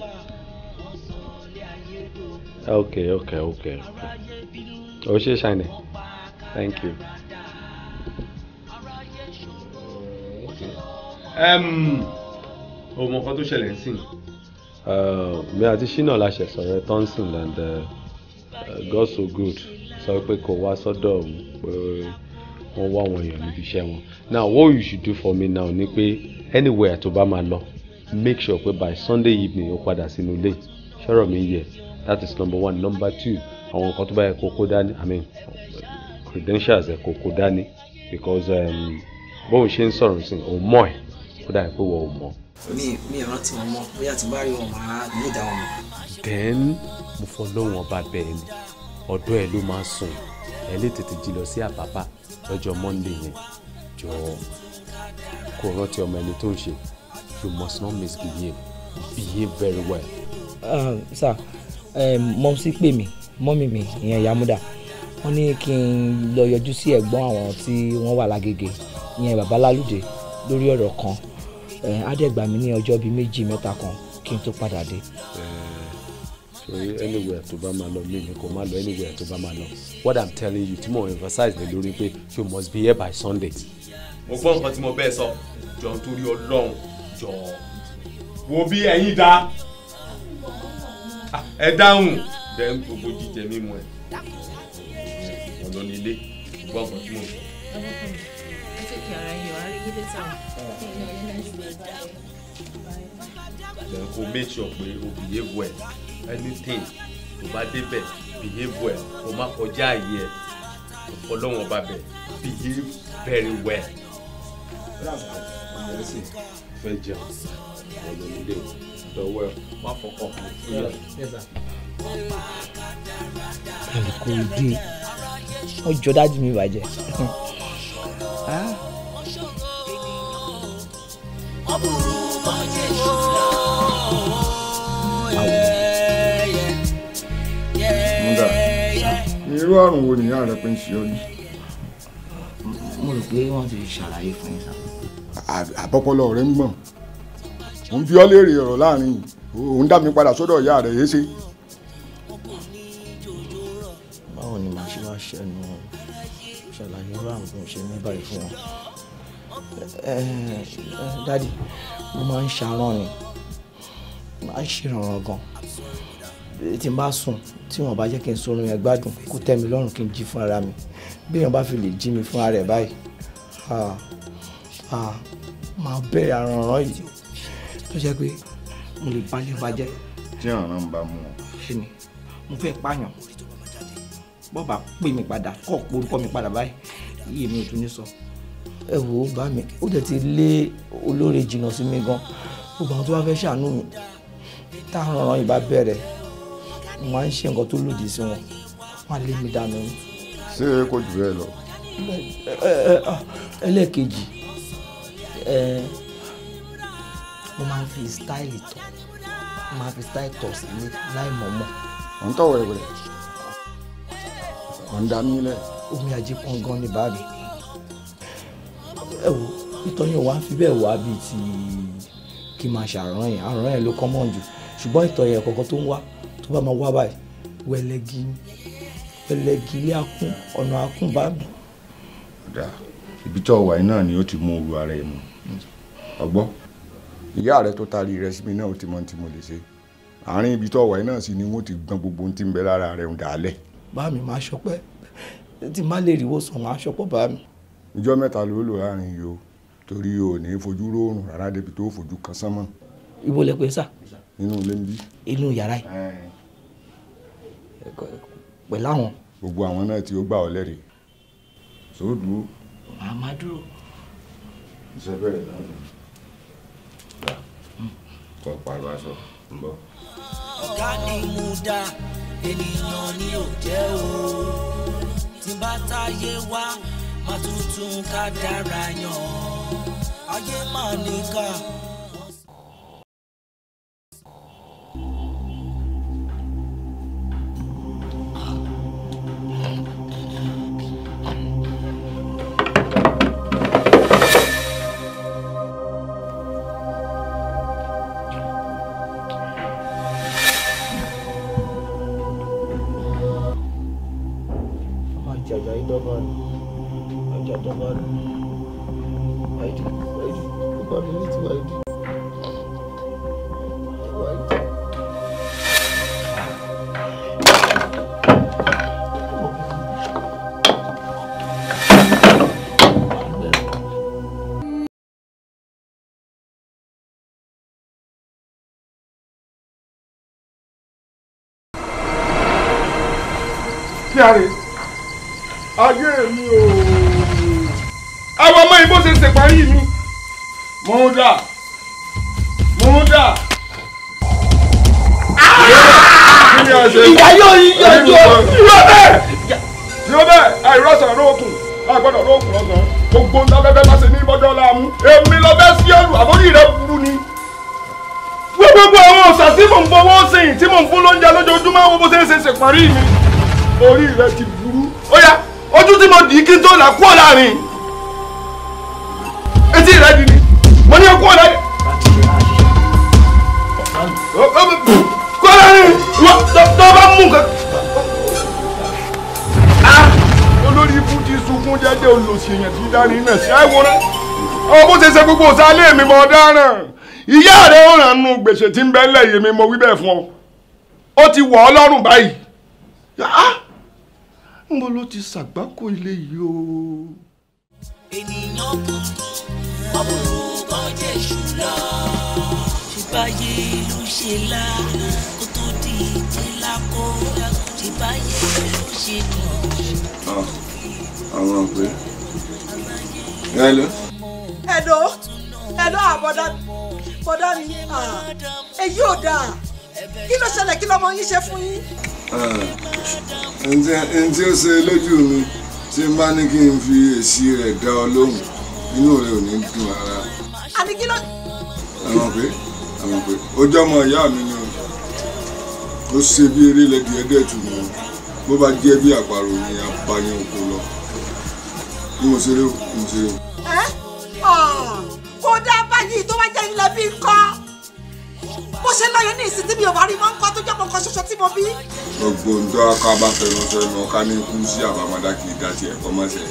F: Okay, okay, okay. O ṣe ṣàìnẹ̀. Thank you. Um, Ọmọ kan tó ṣẹlẹ̀ ń sìn. Uh, mi àti Ṣínà la ṣẹ̀ sọ̀rọ̀ dancing and uh, God so good So I kò wá sọ́dọ̀ so pé wọ́n wá àwọn èèyàn níbi iṣẹ́ wọn. Now what you should do for me now ni pé anywhere to bá máa lọ make sure pé by Sunday evening ó padà sínú ilé ṣọ́rọ̀ mi yẹ that is number one number two àwọn nǹkan tó bá yẹ kó dání i mean credentials ẹ kó dání because um, bóun ṣe ń sọ̀rọ̀ sí òun mọ̀ ẹ̀ kó dà pé wọ́n ò mọ̀.
A: mi mi rántí wọn mọ bóyá tí bá rí wọn máa ní ìdáhùn mi.
F: then mo fọ lóhùn ọba bẹ́ẹ̀ ni ọ̀dọ̀ ẹ̀ ló máa sùn ẹ̀ lè tètè jí lọ sí àpápá lọ́jọ́
A: monday yẹn jọ kó rántí ọmọ ẹni tó ń ṣe you must not misbehave behave very well. Um, sir mọ́mísí pè mí mọ́mí mi ìyẹn yamuda wọ́n ní kí n lọ yọjú sí ẹ̀gbọ́n àwọn tí wọ́n wà lágége ìyẹn bàbá lórí ọ̀rọ̀ kan ádẹ́gbà mi ní ọjọ́ bíi méjì mẹ́ta kan kí n tó padà dé.
H: ṣòye anywhere to bá
A: máa lọ mí ni kò máa lọ anywhere to bá máa lọ what i'm telling you tí mo emphasize lè lórí pé you must be here by sunday. mo gbọ́ nǹkan tí mo bẹ́ẹ̀ sọ jọ̀ọ́ torí ọlọ́run jọ̀ọ́ wo bí ẹ̀yin dá
F: ẹ dáhùn bẹ́ẹ̀ ń gbogbo jíjẹ mímu ẹ̀ wọ́n lọ nílé gbọ́ ọ̀gbọ́n tí mò ń sọ.
A: Then go make sure pé o well anything tó bá débẹ̀ behave well o má kọjá àyè ẹ̀ ọlọ́wọ́n bá bẹ̀ behave very well. Fẹ́ jẹun, ọ̀nà nílé o the well wá fọkọ kò dé ọjọ́ dájú mi bàjẹ́. múdà irú àrùn wo nìyá rẹ pé ń ṣe ọ ni. mo rò pé wọ́n ti ṣàlàyé fún yín sá. àbọ̀pọ̀lọ ń gbọ̀n òun fi ọ́ léèrè ọ̀rọ̀ láàrin yìí òun dá mi padà sọ́dọ̀ ìyá rẹ̀ yéṣe. báwo ni màá ṣe wá ṣẹnu ṣàlàyé ọ̀rọ̀ àwọn ohun ní báyìí fún wọn. dádì mo máa ń ṣàrán ni máa ń ṣèrànràn gan tí n bá sùn tí wọn bá jẹ́ kí n sọrun yẹn gbádùn kó tẹ́ mi lọ́rùn kí n jí fún mi bí èèyàn bá fi lè jí mi fún rẹ̀ báyìí máa bẹ̀rẹ̀ àrànràn yìí tó jẹ́ pé mo lè balẹ̀ bàjẹ́. tí ọ̀ràn ń bá mú ọ. ṣé ni mo fẹ́ pààyàn bọ́ọ̀bà pè mí padà kọ́ orúkọ mi padà báyìí iye mi ò tún ní sọ. ẹ wò ó bá mi ó dẹ̀ ti lé olóore jìnnà sí mi gan gbogbo àwọn tó bá fẹ́ ṣàánú mi táwọn ọ̀ràn yìí bá bẹ̀rẹ̀ mo máa ń ṣe nǹkan tó lòdì sí wọn wọn á lé mi dànù. ṣé kò jù bẹ́ẹ̀ lọ. ẹlẹ́ẹ̀kejì ẹ̀ẹ́ mo máa ń fi style tọ̀ mo máa ń fi style tọ̀ sílé láì mọ̀ọ́mọ̀. ò ń tọ̀ wẹ̀rẹ̀wẹ̀rẹ̀ ò ń dá mi lẹ̀. omi ajé kan gan ni báàbí ẹ wo ìtọ́jú wa fi bẹ́ẹ̀ wá bíi ti kí n máa ṣàrán yẹn àrán yẹn ló kọ́ mọ̀ jù ṣùgbọ́n ìtọ̀ yẹn kọ̀ọ̀kan tó ń wá tó bá máa wá báyìí wẹ̀lẹ́gì wẹ̀lẹ́gì ilé akún ọ̀nà akún báàbí. ọ̀dà ibi tí ọ̀wà yìí náà ni ó ti mú oru ara ẹ̀ mu ọgbọ́n ìyá rẹ tó taari rẹ sí mi náà ti mọ ohun tí mo lè ṣe àárín ibi tó wà yìí náà sì ni wọn ti gbọn gbogbo ohun tí ń bẹ lára rẹ ń dàálẹ.
D: bá mi máa ṣọpẹ́
A: tí má lè ríwó sàn máa ṣọpọ bá mi. ìjọ mẹ́ta ló lò láàrin yìí o torí o ní fojú róòrùn rárá débi tó fojú kan sánmọ́. ibo lẹ pé sà. inú ilé ń bí. inú yàrá yìí pẹ̀lú àwọn. gbogbo àwọn náà tí ó gbà ọ lẹ́rìí. sódùú. màá má dúró. iṣẹ́ bẹ̀rẹ̀ náà. kọ́ pàrọ̀ aṣọ ń bọ̀. ọ̀gá ni mo dá ènìyàn ni ò jẹ́ o tí bá táyé wá má tuntun
B: ká dára yàn ayé máa níkà. àlàáfíà rẹ̀ ayé mi o.
A: àwọn ọmọ ibo ṣe ṣèparí mi. mọ́dà mọ́dà. ìyá yóò yí yọjú o. yóò bẹ́ẹ̀ yóò bẹ́ẹ̀ àìrọ́sàn lóòkùn àgbọ̀dọ̀ lóòkùn lọ́sàn-án gbogbo ńlá bẹ́ẹ̀ bá ṣe ní bọ́jọ́ láàmú èmi lọ bẹ́ẹ̀ sí ọ̀rù àbórí rẹ̀ burú ni gbogbo àwọn ọ̀sà tí mò ń fọwọ́ sẹ́yìn tí mò ń fún lóúnjẹ lójoojúmọ́ wo bó ṣe ń ṣe ṣèparí mi orí rẹ ti burú. ó yá ojú tí mo dì í kí n tó là kúọ̀ láàrin etí rẹ dì ní mo ní kúọ̀ láàrin. kúọ̀ láàrin tó bá mú nǹkan. Ah, olórí ibú ti sunkún jẹ́jẹ́ olùsí èèyàn ti dá ní iná sí àìwòrán ọ bó ṣe ṣe gbogbo òsálẹ̀ mi mọ̀ ọ̀daràn ìyá rẹ̀ ó ràn nù gbèsè tí ń bẹ́ẹ̀ lẹ́yìn mi mo wí bẹ́ẹ̀ fún ọ ó ti wọ̀ ọ́ lọ́rùn báyìí. Ah! mo ló ti ṣàgbákò ilé yìí o.
B: ènìyàn burú wọ́n burú kan jẹ́ ló
A: ṣe la kó tó di ìjẹ́lá kó
C: ṣèbáyé ló ṣe nà.
A: Ah, àwọn àgbẹ̀
E: hello.
C: hello hello àbọ̀dá ah, bọ̀dá mi ah, èyí ò dáa kí ló ṣẹlẹ̀ kí lọmọ yín ṣe fún yín.
A: Ah, ẹni tí ó ṣe lójú mi tí n bá ní kí n fi èsì rẹ̀ dá ọ lóhùn inú rẹ̀ ò ní dùn rárá. àní kí ló. àwọn pé àwọn pé ojú ọmọ ìyá mi ni ó ṣe bí eré lẹ́dí ẹ̀dẹ̀ tù mí bó bá jẹ́ bí àparò ni abayẹn oko lọ bí mo ṣe rí mo ṣe rí
C: ẹ ọ kó dá báyìí tó bá jẹ́ ilẹ̀ bí kọ́ bó ṣe lọ́yọ̀ ní ìsìn tí mi ò bá rí máa ń kọ́ tó jọ́pọ̀ kan ṣoṣo tí mo bí.
A: gbogbo nǹkan aká bá fẹnu sẹnu ọká ní kú sí àbámadá kì í dá tiẹ̀ kọ́ mọ́ sẹ́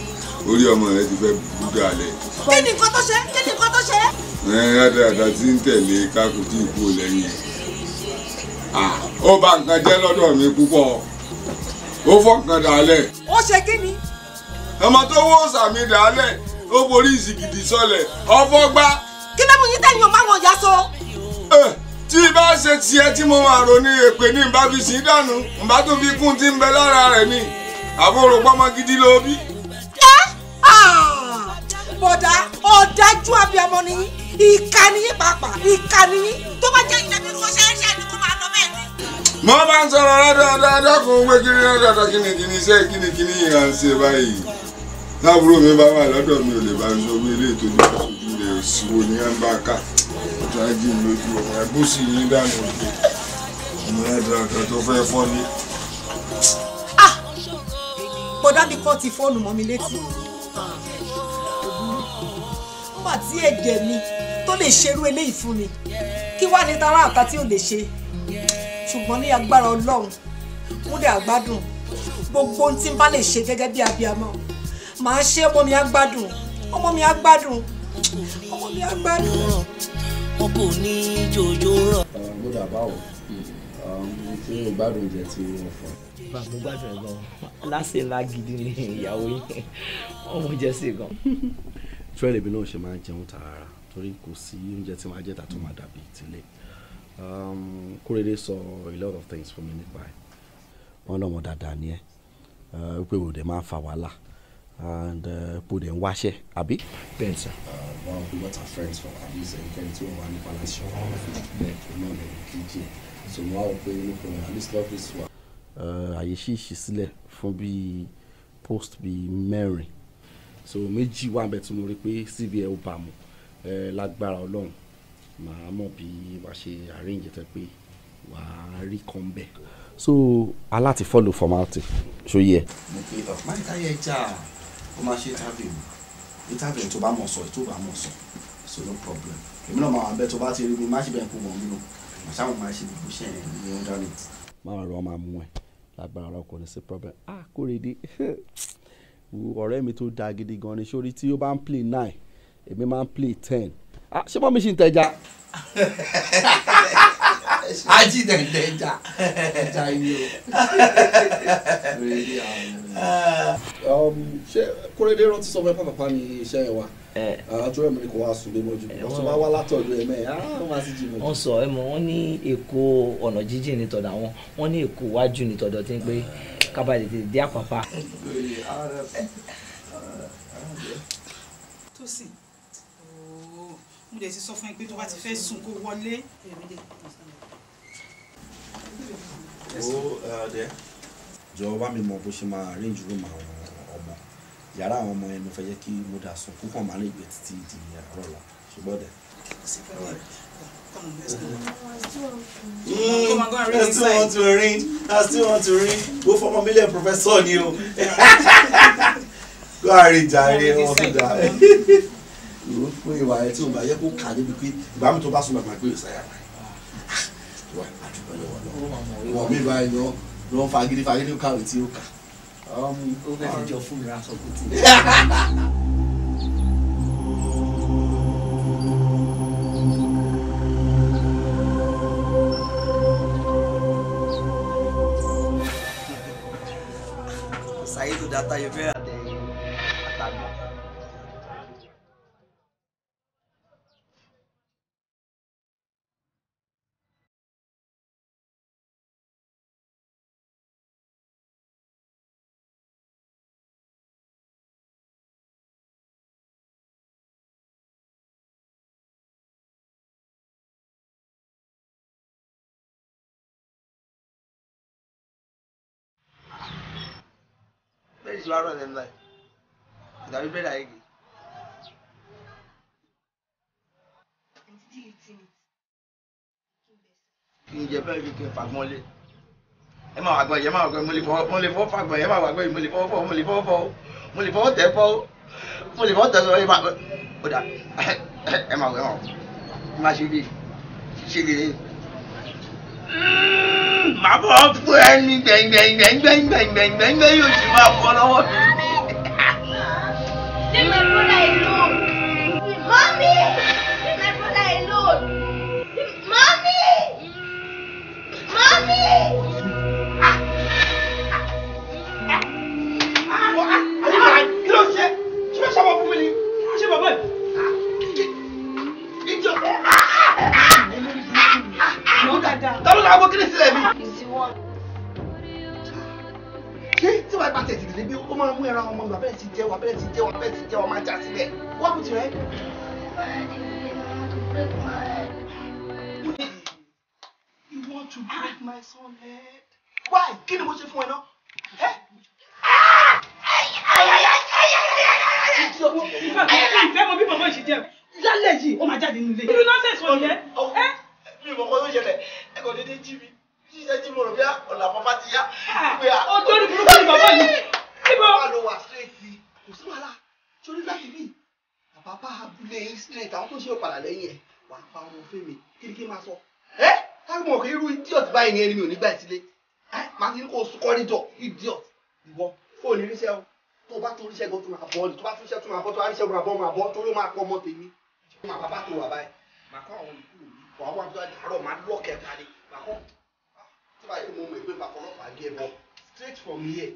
A: orí ọmọ rẹ ti fẹ́ bú dalẹ̀.
C: kí ni nǹkan tó ṣe kí ni nǹkan tó ṣe.
A: ẹ ẹ dáadáa tí ń tẹ̀lé káàkó tí ìkú lẹ́yìn ó bà nǹkan jẹ́ lọ́dọ̀ mi púpọ̀ ó fọkàn dalẹ̀. ó ṣe kí ni. ọmọ tó wọ́ sàmì dalẹ̀ ó borí ìsìgìdì sọlẹ̀ ọfọ́ gbá. kí ló mú yín tẹ̀yìn ọmọ àwọn ìyá sọ. Eh, tí bá ṣe tiẹ̀ tí mo máa rò ní èpè ní nbá fi sí dànù nbá tún fi kún tí ń bẹ lára rẹ̀ ni àbúrò pọ́nmọ gidi ló bí.
C: bọ̀dà ọ̀dájú abiyamọ ni yín ìka ni yín pàápàá ìka ni yín tó bá jẹ́ ìdẹ́bí kó ṣe é ṣe ni kó máa lọ
A: bẹ́ẹ̀ ni. mo bá ń sọ̀rọ̀ dáadáa dákun wé kiri náà kíni kíni iṣẹ́ kíni kíni yìí à ń ṣe báyìí láàbúrò mi bá wà lọ́dọ̀ mi ò lè bá ń sọ bí ilé ìtọ́jú ilẹ̀ òsìwò ní àǹbáká ọjọ́ ajé lójú ọmọ ẹgbó sì yín dànù òde ọmọ ẹ̀dá kan tó fẹ́ fọ́ ní. bọ́dá ah! mi kọ́ ti fóònù mọ́ mi létí
C: nígbà tí ẹ̀jẹ̀ mi tó lè ṣerú eléyìí fún mi kí wàá ní tara àta tí ò lè ṣe ṣùgbọ́n ní agbára ọlọ́run múdẹ àgbádùn gbogbo ohun tí n bá lè ṣe gẹ́gẹ́ bí abiyamọ màá ṣe ọmọ mi á ọmọ mi á ọmọ mi àgbàdo rọ wọn kò ní jòjò rọ.
A: mo dàbá o ṣé o gbádùn oúnjẹ tí wọ́n fọ. bá a mo gbádùn ẹ gan láṣẹ ńlá gidi ni ìyàwó yẹn ọmọ jẹ sí gan.
H: fẹ́rẹ̀ mi náà ṣe máa ń jẹun tààrà torí kò sí oúnjẹ tí máa jẹ́ tà tó máa dàbí ìtìlẹ̀ kórèdè sọ a lot of things fún mi nípa ẹ̀ wọ́n
A: náà mọ̀ dáadáa ni ẹ́ wípé òde máa ń fa wàhálà and kò dẹ̀ ń wáṣẹ́ àbí. bẹ́ẹ̀ sà. Uh, one of we got our friends from abis ẹnikẹ́ni tí wọ́n wà ní palace shop àwọn fìdí bẹ́ẹ̀ náà lè kíjì so wọ́n á wọ pé inú kan uh, at least love this one. Uh, àyè ṣì ṣì sílẹ̀ fún bíi post bíi mẹ́rin so méjì wà bẹ́ẹ̀ tí mo rí pé cba ó bá mu lágbára ọlọ́run màá mọ̀ bí wàá ṣe arrange tẹ pé wàá rí kan bẹ́ẹ̀.
H: so aláti follow formality ṣó yẹ.
A: mo pe ọ̀pá ìtayẹ̀ jà ó máa ṣe interview interview tó bá mọ̀ sọ tó bá mọ̀ sọ so no problem èmi náà máa wà bẹ́ẹ̀ tó bá ti rí mi má ṣe
G: bẹ́ẹ̀ kó wọ̀ mí o mà ṣáà máa ṣe gbogbo iṣẹ́ yẹn ní under
A: it. máa rọ máa mú ẹ lágbára ọkọ ní sí problem ah Kóredé ọ̀rẹ́ mi tó da gidi gan ni sórí tí ó bá ń play nine èmi máa ń play ten ah ṣé mọ́ mi ṣì ń tẹja. ají dẹ̀dẹ̀ ẹja ẹja yìí o. ṣé kúrẹ́dé rántí sọ fún ẹ̀pọ̀ pàpà ní iṣẹ́ ẹ̀ wa àtúrò ẹ̀mí ni kò wá sùn lé mọ́jú ọ̀sùn bá wá látọ̀dọ̀ ẹ̀mẹ́ ẹ̀ á ah, máa sì jí mọ́jú. wọ́n sọ ẹ̀mọ́ wọn ní èkó ọ̀nà jíjìn ní tọ̀dọ̀ àwọn wọn ní èkó wájú ní tọ̀dọ̀ tí ń pé kábàdì ti dé àpapà.
C: tó sì mo dẹ̀ ti sọ fún ẹ pé tó bá ti fẹ́ sùn kó wọlé
H: go oh, uh,
A: bá mi mọ bó ṣe máa arrange room àwọn ọmọ yàrá àwọn ọmọ yẹn mo fẹ́ jẹ́ kí mo
E: dà sùn kúkàn máa lè gbé títí di àárọ̀ la ṣùgbọ́n dẹ̀. Mm-hmm. I still want to arrange. I still want to arrange.
A: Go for my million professor ni o. Go arrange jàre wọn tó dáa. Ìwé fún ìwà ẹ̀ tí o bá yẹ kó kà níbi pé ìbámu tó bá sùn bàbá gbé ìsáyà rẹ̀
H: wọ́n mi báyìí lọ lọ fagídí fagídí ó kàwé tí ó kà. Um, ó fẹ́ fi jọ fún mi aṣọ kò tí ì.
D: Saí do data e ver tó lárọ̀ lẹ́nu láì ìdàbí bẹ́ẹ̀ láì gé. kí n jẹ bẹ́ẹ̀ kí n fagbọ́n lé ẹ máa wàgbọ́n yìí ẹ máa wàgbọ́n mo lè fọwọ́ mo lè fọwọ́ fagbọ́n yìí ẹ máa wàgbọ́n yìí mo lè fọwọ́ fọwọ́ mo lè fọwọ́ fọwọ́ mo lè fọwọ́ tẹ̀ fọwọ́ mo lè fọwọ́ tẹ̀ sọ ẹ máa màá bọ̀ fún ẹ gbẹ̀ngbẹ̀ngbẹ̀ngbẹ̀ngbẹ̀ngbẹ̀ngbẹ̀ yóò sì máa bọ́ lọ́wọ́
G: máa mú ẹran ọmọ bàbá ẹ̀ ti jẹ́ bàbá ẹ̀ ti jẹ́ bàbá ẹ̀ ti jẹ́ ọmọ ajá sílẹ̀ wọ́n kù tirẹ̀. my son leg? Why? Kí ni mo ṣe fún ẹ náà? Ìfẹ́ mọ bí bàbá ni bàbá yìí ibo. wà lọ wà straight kò sí wàhálà torí láti bí bàbá abúlé straight àwọn tó ṣe òpàlà lẹ́yìn ẹ̀ wàá pa ọmọ fẹ́mi kíríkí
F: máa sọ. ẹ táwọn ọkọ irú idiot báyìí ni ẹni mi ò ní gbà sílé ẹ màá ti ní kó sùn kọ́rídọ̀ idiot ìwọ kó ní o tó bá tó ríṣẹ́ gan tó máa bọ́ ọ tó bá tó ríṣẹ́ tó máa bọ́ tó bá ríṣẹ́ máa bọ́ torí máa pọ̀ ọmọ tèmi. màá bàbá tó wà báyìí màá àwọn olùkú
G: mi ah! straight from here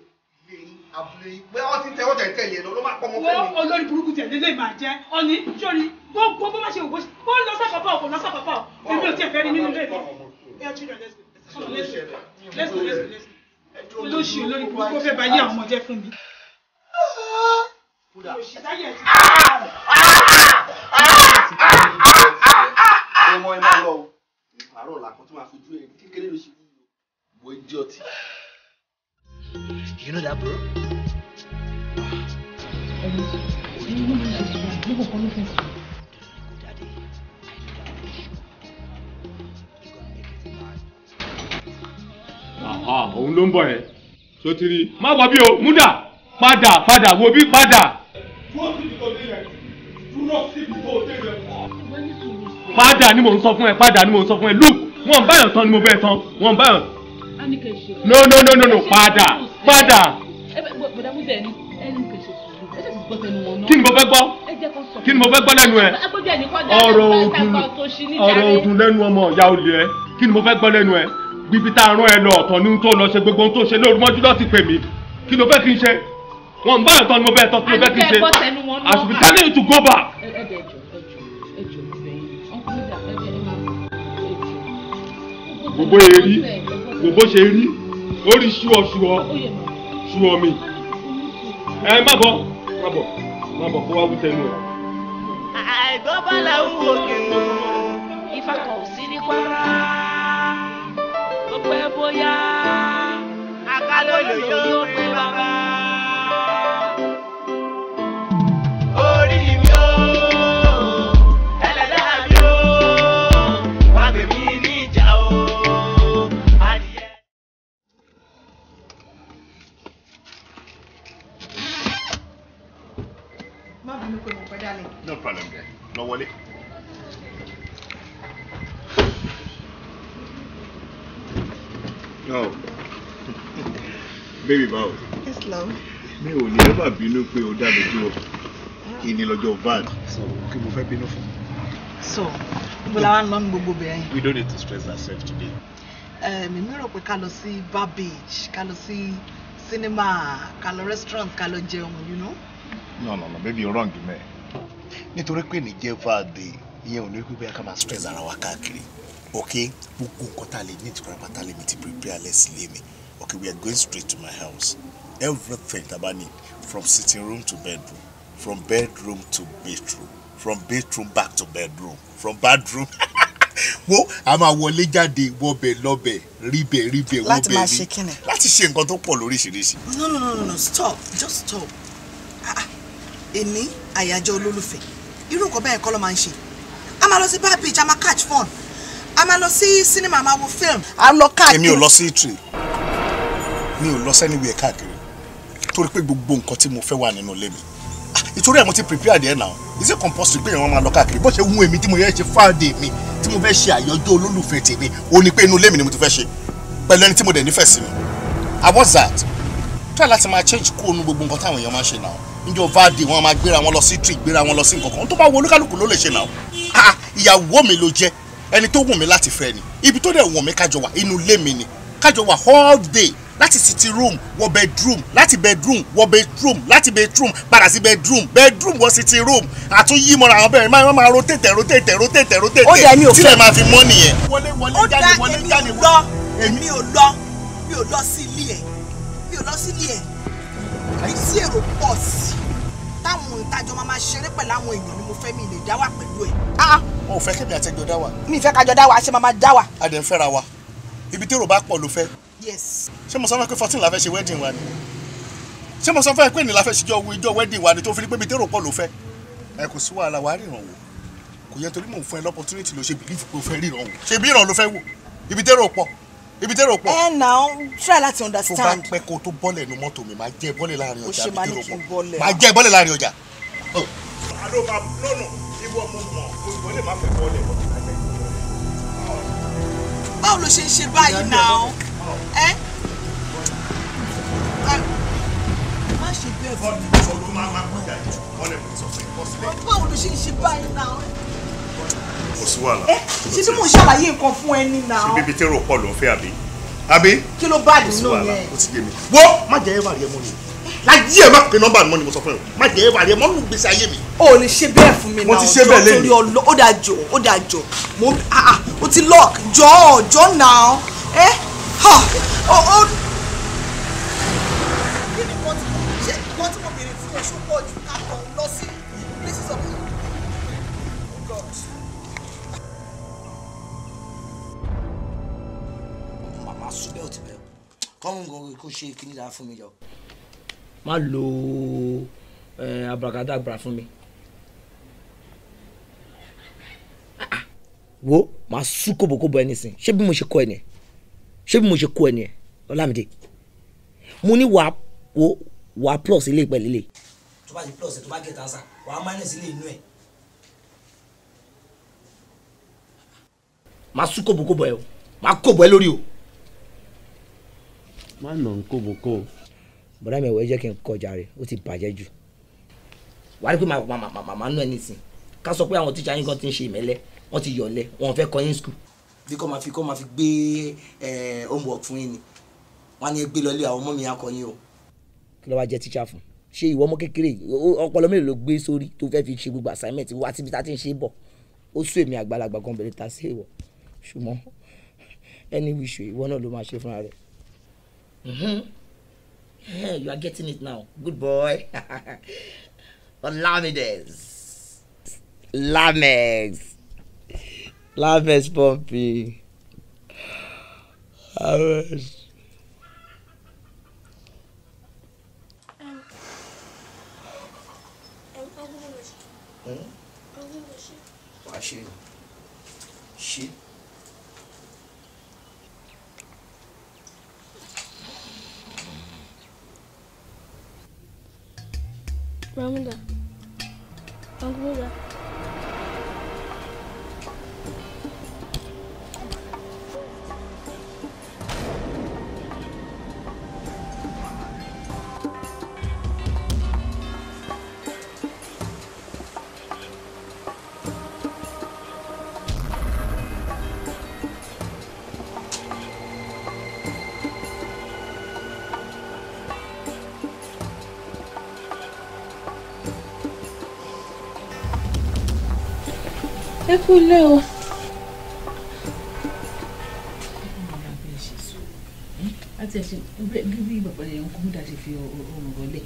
G: ilé yín abúlé yín pé ọtí tẹ ọjà ìtẹ̀lẹ̀ lọ ló máa pọ́ ọmọ fún mi. olórí burúkú tẹ̀lé lè máa jẹ́ ọ̀ní sórí gbogbo bó bá ṣe ògbó bó lọ sàkọ́fà òkò lọ sàkọ́fà èmi ò tiẹ̀ fẹ́ rí nínú ilé mi. olóṣì olórí burúkú fẹ́ bá yé àwọn ọmọ jẹ́ fún mi.
D: ọmọ ẹ máa lọ o àárọ̀ làkọ́ tó máa fojú ẹ kékeré ló ṣe wúwo ìjọ tí. thank you you know that, bro?
F: òun ló ń bọ̀ yẹn sotiri má wá bí o múdà padà padà wo bí padà. padà ni mò ń sọ fún ẹ padà ni mò ń sọ fún ẹ look wọn báyọ̀ tán ni mo bẹ́ẹ̀ tán wọn báyọ̀. no no no no no padà padà.
G: Eh, eh, kí ni mo fẹ́ gbọ́ kí ni mo fẹ́ gbọ́ lẹ́nu ẹ ọ̀rọ̀ òdùn ọ̀rọ̀ òdùn
F: lẹ́nu ọmọ ìyá olè ẹ kí ni mo fẹ́ gbọ́ lẹ́nu ẹ gbígbí tá a rán ẹ lọ ọ̀tọ̀ ní tó lọ ṣe gbogbo ohun tó ṣe lóru mọ́jú lọ́ọ́ ti pè mí kí ló fẹ́ kí n ṣe wọn bá ẹ̀tọ́ ni mo bẹ́ẹ̀ tọ́ kí ló fẹ́ kí n ṣe àṣùbí tálí ètò gómà. gbogbo èrè rí gbogbo ṣe rí ó rí ṣú ọ ṣú ọ ṣú ọ mi ẹ má bọ̀ má bọ̀ má bọ̀ kó wá wú tẹnu ẹ.
G: àìgbọ́ bá la ń wo kìnnú ifá kan ò sí ní kwara ó pẹ́ bóyá àkàlọ́ lòyọ́ pẹ́.
D: darling. No problem, dear. No worry. No. Baby bow. Yes, love. Mi never be ẹ́bà bínú pé o dá mi dúró. Ìní lọ́jọ́ bad. So, we mo fẹ́ bínú
G: So, Bọ́lá wa ń lọ ní gbogbo We
D: don't need to stress ourselves today.
G: Ẹ̀mí mi rò pé ká lọ bar beach, ká lọ cinema, ká lọ restaurant, ká lọ you know?
D: No, no, no, baby, you're wrong, man nítorí pé ní jẹ́fà dé ìyẹn ò ní pípẹ́ ká máa stress ara wa káàkiri
F: ok gbogbo nǹkan tá a lè ní ìtura pátá lèmi ti prepare lẹ́sì lémi ok we are going straight to
A: my house everything tá a bá need from sitting room to bedroom from bedroom to bedroom from bedroom back to bedroom from bedroom wo a máa wọlé jáde wọbẹ̀ lọ́bẹ̀ ríbẹ̀ ríbẹ̀ wọbẹ̀ rí láti ṣe nǹkan tó pọ̀ lóríṣiríṣi. no no no no stop just stop. ah. ah èní àyájọ́ olólùfẹ́ irú nǹkan bẹ́ẹ̀ kọ́ ló máa ń ṣe a máa lọ sí bar beach a máa catch fun a máa lọ sí cinema a máa wo film a lọ káàkiri. èmi ò lọ sí italy mi ò lọ sẹ́ni wíyẹ káàkiri torí pé gbogbo nǹkan tí mo fẹ́ wà nínú ilé mi ìtorí ẹ̀ mo ti prepare there now is it compulsory pé èèyàn máa lọ káàkiri bó ṣe wù èmi tí mo yẹ ṣe fáàdé mi tí mo fẹ́ ṣe àyọjọ́ olólùfẹ́ tèmi ó ní pé inú ilé mi ni mo ti fẹ́ ṣe pẹ̀lú ẹni tí mo dẹ̀ nífẹ̀ẹ́ sí mi i was that try láti máa change kó o nu gbogbo nǹkan táwọn èèyàn máa ń ṣe now njọ vaadi wọn máa gbéra wọn lọ sí tree gbéra wọn lọ sí nǹkankan tó bá wo olúkálùkù ló lè ṣe náà ah ìyàwó mi ló jẹ ẹni tó wù mí láti fẹ́ ni ibi tó dẹ̀ wù mí kájọ wà inú ilé mi ni kájọ wà all day láti city room wọ bedroom láti bedroom wọ bedroom láti bedroom padà sí bedroom bedroom wọ city room àtún yí mọ́ra àwọn bẹ́ẹ̀ máa máa rotate rotate rotate rotate ó dẹ̀ mi ò fẹ́ tílẹ̀ máa fi mọ́ nìyẹn. ó dá èmi ò lọ èmi ò lọ mi ò lọ sí ilé ẹ mi ò lọ sí ilé ẹ èyí sí èrò pọ̀ sí táwọn ìtajọ máa ṣeré pẹ̀lú àwọn èèyàn ni mo fẹ́ mi lè dá wà pẹ̀lú ẹ̀. Ah, ah. wọn ò fẹ́ kébì àtẹjọ dá wa. mi fẹ́ kájọ dá wa ṣe máa dá wa. a dẹ̀ ń fẹ́ra wa ibi tí èrò bá pọ̀ ló fẹ́. yes. ṣé mo sọ fún ẹ pé fourteen la fẹ́ ṣe wedding wa ni ṣé mo sọ fún ẹ pé ní la fẹ́ ṣe ìjọ wedding wa ni tó fi ní pé ibi tí èrò pọ̀ ló fẹ́. ẹ kò sí wàhálà wàá ríran wò kò yẹ torí mò ń fún ẹ lọ́pọ̀tunity o fẹ́ ríran ibi tẹ́rọ pọ̀. ẹ eh, na try láti understand. tó bá pẹ́ kó tó bọ́lẹ̀ nu mọ́tò mi máa jẹ́ bọ́lẹ̀ láàrin ọjà ibi tẹ́rọ pọ̀ máa jẹ́ bọ́lẹ̀ láàrin ọjà. Oh. àlọ́ bá lọ́nà ìwọ mo mọ̀ òṣùwọ́ lè má fẹ́ bọ́lẹ̀ lọ. báwo ló
C: ṣe ń ṣe báyìí náà
A: ẹ. Eh? Eh, má ṣe bẹ́ẹ̀ bọ́ọ̀lù fún ìkọsílẹ̀. báwo ló ṣe ń ṣe báyìí náà kò sí wàhálà. ẹ eh,
C: ṣe tí mò ń ṣàlàyé
A: nǹkan fún ẹni náà. ṣe bíbi tẹ́rọ pọ̀ ló ń fẹ́ àbí. àbí kí ló bá àdìsí náà yẹn. ó ti yé mi wo má jẹ́ ẹ̀wà rẹ mọ́ ni láyé ẹ̀ má pe nọ́mbà mi ni mo sọ fún ẹ má jẹ́ ẹ̀wà rẹ mọ́ nù gbèsè ayé mi. o ò lè ṣe bẹ́ẹ̀ fún mi náà ọjọ́ torí ọlọ ó dà jọ ó dà jọ mo ah ah o ti lock jọ ọjọ́ náà ẹ eh, ọ kọ́mù kò ṣe kíní dáa fún mi jọ. má lo abrakadabra fún mi wo màá sún kòbókòbó ẹni sìn ṣé bí mo ṣe kọ ẹni ẹ ṣé bí mo ṣe kọ ẹni ẹ Ọlámídé mo ní wàá wo wàá plus ilé pẹ̀lú ilé. tó bá di plus ẹ tó bá gẹ̀ẹ́ta sà wàá minus ilé inú ẹ. màá sún kòbókòbó ẹ o màá kòbó ẹ lórí o má nà ń kóbo kó. bọ̀dá mi ẹ̀wọ̀ ẹ jẹ́ kí n kọjá rẹ̀ ó ti bàjẹ́ jù. wà á rí pé màmá nù ẹ nìsín ká sọ pé àwọn tíṣà yín kan ti ń ṣe ìmẹ́lẹ́ wọ́n ti yọ̀lẹ̀ wọn fẹ́ kọ yín skul. bí kò máa fi kò máa fi gbé homework fún yín ni wọ́n á ní gbé lọlé àwọn ọmọ mi akọyin o. kí ló wá jẹ́ tíṣà fún ṣe ìwọ ọmọ kékeré ọpọlọ mélòó ló gbé sórí tó fẹ́ fi ṣe gbogbo assignment wá síbi tá a ti ń ṣe bọ̀ ó sún èmi àgbàlagbà gan bẹ̀rẹ̀ ta sí ìwọ ṣùgbọ́n ẹni wíṣọ ìwọ náà ló máa ṣe fúnra rẹ̀ Mm-hmm. Yeah, you are getting it now. Good boy. But Lamides. Lamex. Lamex Pompey. Lamex. Washington.
C: 装不入。ẹ kú ilé o. àti ẹ̀sìn bí bàbá yẹn ọkọ̀ múdà ṣe fi ọrùn rọlẹ̀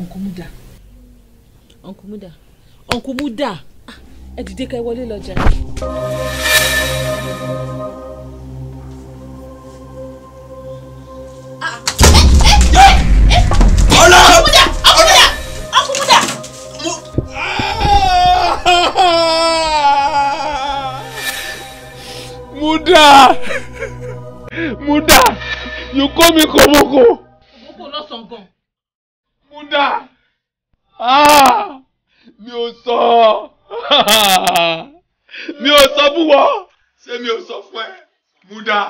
C: ọkọ̀ múdà. ọkọ̀ múdà ọkọ̀ múdà ẹ dìde ká ẹ wọlé lọ jà.
F: Muda! Muda! You call me Komoko! Komoko lọ sàn gan. Muda! Ah! Mi ò sọ! Mi ò sọ fún wọ! Ṣé mi ò sọ Muda!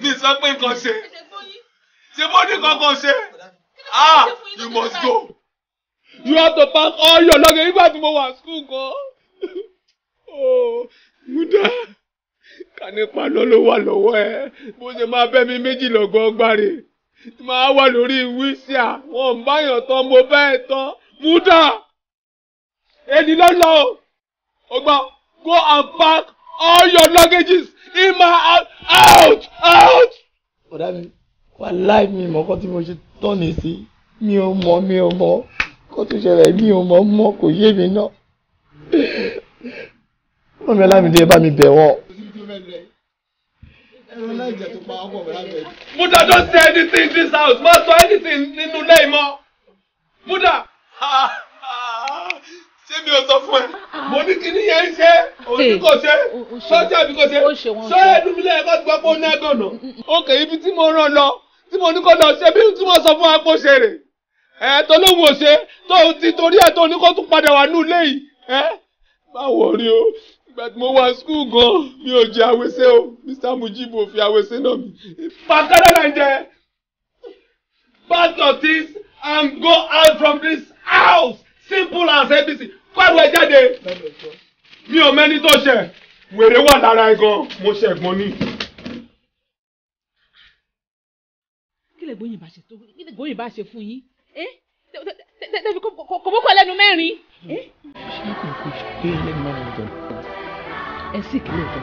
F: Mi sọ pé nǹkan ṣe. Ṣé mo Ah! You must go! You have to pack all your luggage nígbà tí mo wà school go. Oh! Buda ká nípa lọ ló wà lọ́wọ́ ẹ bó ṣe máa bẹ́ mi méjì lọ́gọ́ gbàrè máa wà lórí wíṣíà wọn ń báyàn tán mo bẹ́ẹ̀ tán Buda èdè lọ́lọ́ o gbọ́ go and pack all your luggages in my house
D: out out. ọ̀dà mi wàláì mi mọ̀kọ́ tí mo ṣe tán ní sí mi ò mọ̀ mi ò mọ̀ kó tó ṣẹlẹ̀ mi ò mọ̀ mọ̀ kò yé mi náà mọ̀mí ọlámídé bá mi bẹ̀ wọ́. Buddha don't say
F: anything in this house. Má sọ anything nínú ilé mọ́. Buddha. Ṣé mi ò sọ fún ẹ? Mo ní kí ni yẹn ṣe? Òní kò ṣe. Sọ́jà bí kò ṣe. Sọ́yà ẹnu mi lẹ́yìn kọ́tù gbọ́pọ̀ ní àgànà. Òkè mm, mm, mm. ibi tí mo ràn lọ tí mo ní kó lọ ṣe bí tí mo sọ fún apò ṣe rè. Ẹ tó lóhùn ò tó ti torí ẹ̀ tó ní kó tún padà wà ní ilé yìí. báwo rí o? ìgbà tí mo wá skul gan mi ò jẹ àwẹsẹ o Mr Mujibu ò fi àwẹsẹ náà mi. pàtàkì náà jẹ pack things and go out from this house simple as abc kọ́ọ̀dù ẹ jáde mi ò mẹ́ni tó ṣẹ̀ wèrè wà lára ẹ gan mo ṣe ẹ̀gbọ́n ni.
C: kí lè ṣe tó kí lè ṣe fún yín tẹ̀bí kò bókọ̀ lẹ́nu mẹ́rin. ṣé
G: kò kò ṣe é lẹ́nu mẹ́rin gan ẹ sick lóòótọ́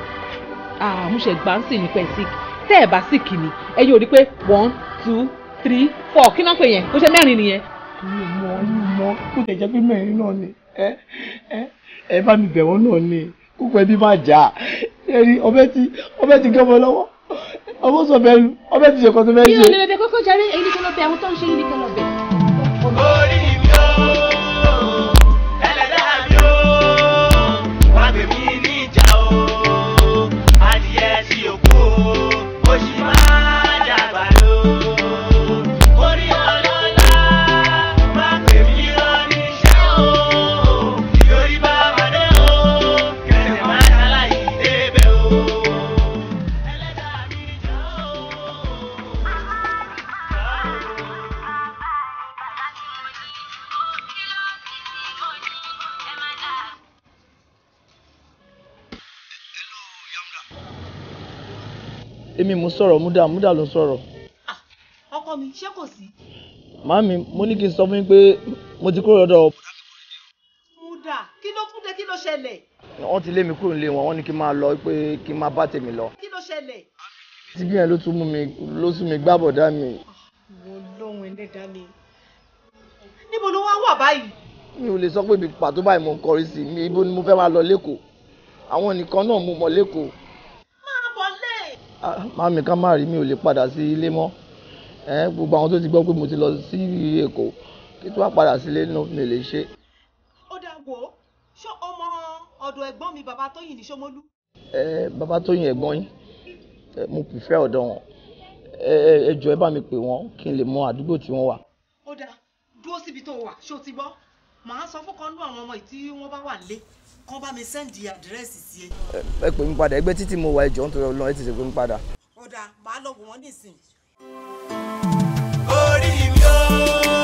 G: àmúṣe ah, gbáǹsì ní pẹ́ sick tẹ́ ẹ̀ bá sick ni ẹ̀yin ò rí pé one two three four kí náà pè yẹn kó ṣe mẹ́rin nìyẹn. mi ò mọ mi ò mọ kó tẹ̀ jẹ́ pé mẹ́rin náà ni
D: ẹ ẹ ẹ bá mi bẹ̀ náà ni kókó ẹbí má jà ẹni ọbẹ̀ ti ọbẹ̀ ti gẹ́mọ lọ́wọ́ ọmọ sọ bẹ́ẹ̀ lu ọbẹ̀ ti ṣèkọ́ bẹ́ẹ̀ ṣe. mi ò
G: lè bẹ̀ kókó jàre èyí ni kò lọ bẹ àwọn tó ń ṣe yìí ni kò lọ bẹ.
B: my
D: èmi mò ń sọ̀rọ̀ múdà múdà ló ń sọ̀rọ̀. Ah,
G: ọkọ mi ṣé kò sí.
D: màámi mo ní kí n sọ fún yín pé mo ti kúrò lọ́dọ̀.
G: múdà kí ló kúndé kí ló ṣẹlẹ̀.
D: wọ́n ti lé mi kúrò nílé wọn wọ́n ní kí n máa lọ pé kí n máa bá tèmi lọ. kí ló ṣẹlẹ̀. síbí yẹn ló tún mú mi ló sún mi gbábọ̀dá mi.
G: mo ah, lóhun ẹlẹ́dàá mi níbo ló wá wà báyìí. mi
D: ò lè sọ pé ibi pàtó báyìí mo ń kọrí sí mi ibo ni mo fẹ́ máa lọ lẹ́kọ̀ọ́ àwọn nìkan náà mo mọ̀ lẹ́kọ̀ọ́. Ah, màmí kan má rí mi ò lè padà sí ilé mọ́ gbogbo àwọn tó ti gbọ́ pé mo ti lọ sí Èkó kí tó wá padà sílé náà mi ò lè ṣe.
G: ó dá wò ó ṣó ọmọ ọ̀dọ̀ ẹ̀gbọ́n mi bàbá Tóyìn ní Ṣómólú.
D: ẹ bàbá Tóyìn ẹ̀gbọ́n yín mo prefer ọ̀dọ̀ wọn ẹ jọ̀ọ́ ẹ bá mi pè wọ́n kí n lè mọ àdúgbò tí wọ́n wà.
G: ó dáa dúró síbi tó wà ṣó ti gbọ́ màá sọ fún kan nú àwọn ọmọ yìí tí bá wà nílé kọ́ bá mi sẹ́ndì àdírẹ́sì sí i.
D: ẹ pè mí padà ẹgbẹ́ títí mo wà ẹjọ́ nítorí ọlọ́run ẹ ti ṣe pè mí padà. ó màá lọ wò wọ́n nísìnyí.
B: orí mi ó.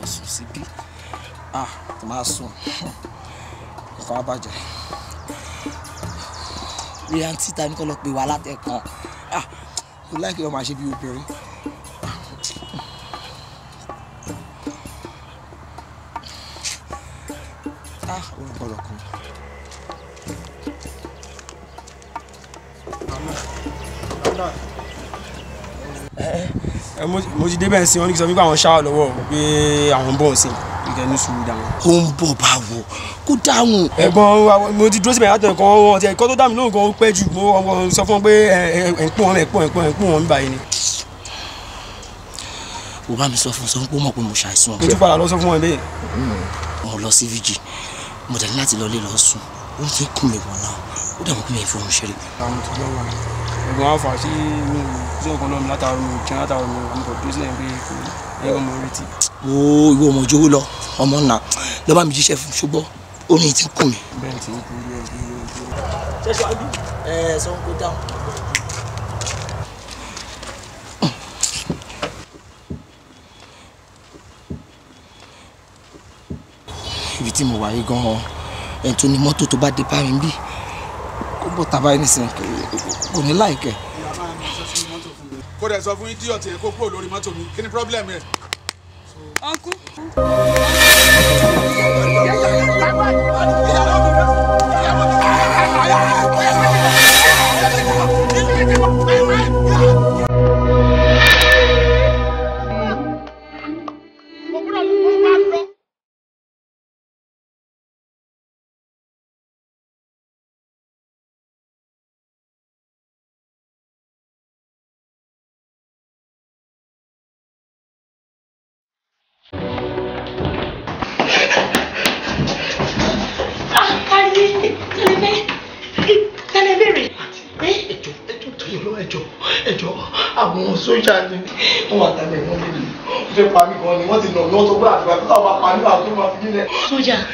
A: jọ sùn síbí ah máa sùn nǹkan abàjẹ́ rí àǹtí ta ní kọ́ lọ pé wà látẹ̀kàn ah o láìpẹ́ wọn máa ṣe bí obìnrin.
E: ah orúkọ lọkùnrin.
A: mo ti débẹ̀ sí wọn ní kí sọ wípé àwọn ṣáà lọ́wọ́ pé àwọn bọ̀ sí ìkẹ́ni sùúrù dáhùn. ó ń bọ̀ báwo kó dáhùn. ẹ̀gbọ́n mo ti dúró síbẹ̀ látọ̀ ẹ̀kọ́ wọn ti ẹ̀kọ́ tó dá mi lóhùn kan ó pẹ́ jù mo sọ fún wọn pé ẹ̀ǹpọ̀ wọn ẹ̀ǹpọ̀ ẹ̀ǹpọ̀ ẹ̀ǹpọ̀ wọn báyìí ni. o bá mi sọ fún sọ pé ó mọ̀ pé mo ṣàìsàn. mo tún padà lọ sọ fún wọn bẹ́ẹ̀. Hmm. mo lọ sí vg mo tẹ̀lé láti lọ lé lọ sùn ó ti kún mi wọ̀ náà ó dàbọ̀ pé mi ì ẹ̀gbọ́n wa fà sí mi sí nǹkan náà mi látàárọ̀ mi jẹun látàárọ̀ mi àmì kò dúró sílẹ̀ pé kò ní ẹ̀gbọ́n mo retí. o ìwé ọmọ ìjówó lọ ọmọ nà lọ bá mi jíṣẹ́ fún ṣùgbọ́n orin ti kù mí. bẹ́ẹ̀ ti ń kú ilé ẹgbẹ́ ilé ẹgbẹ́. ṣẹṣẹ ẹ sọ ń kó dáhùn. ibi tí mo wà yìí gan-an ẹni tó ní mọ́tò tó bá dé bá mi bí kó bọ̀ tá a bá yẹn nísìnyí kò ní láìkẹ́. kó dẹ̀ sọ fún idiot yẹn kó kúrò lórí mọ́tò mi kí ni problem yẹn.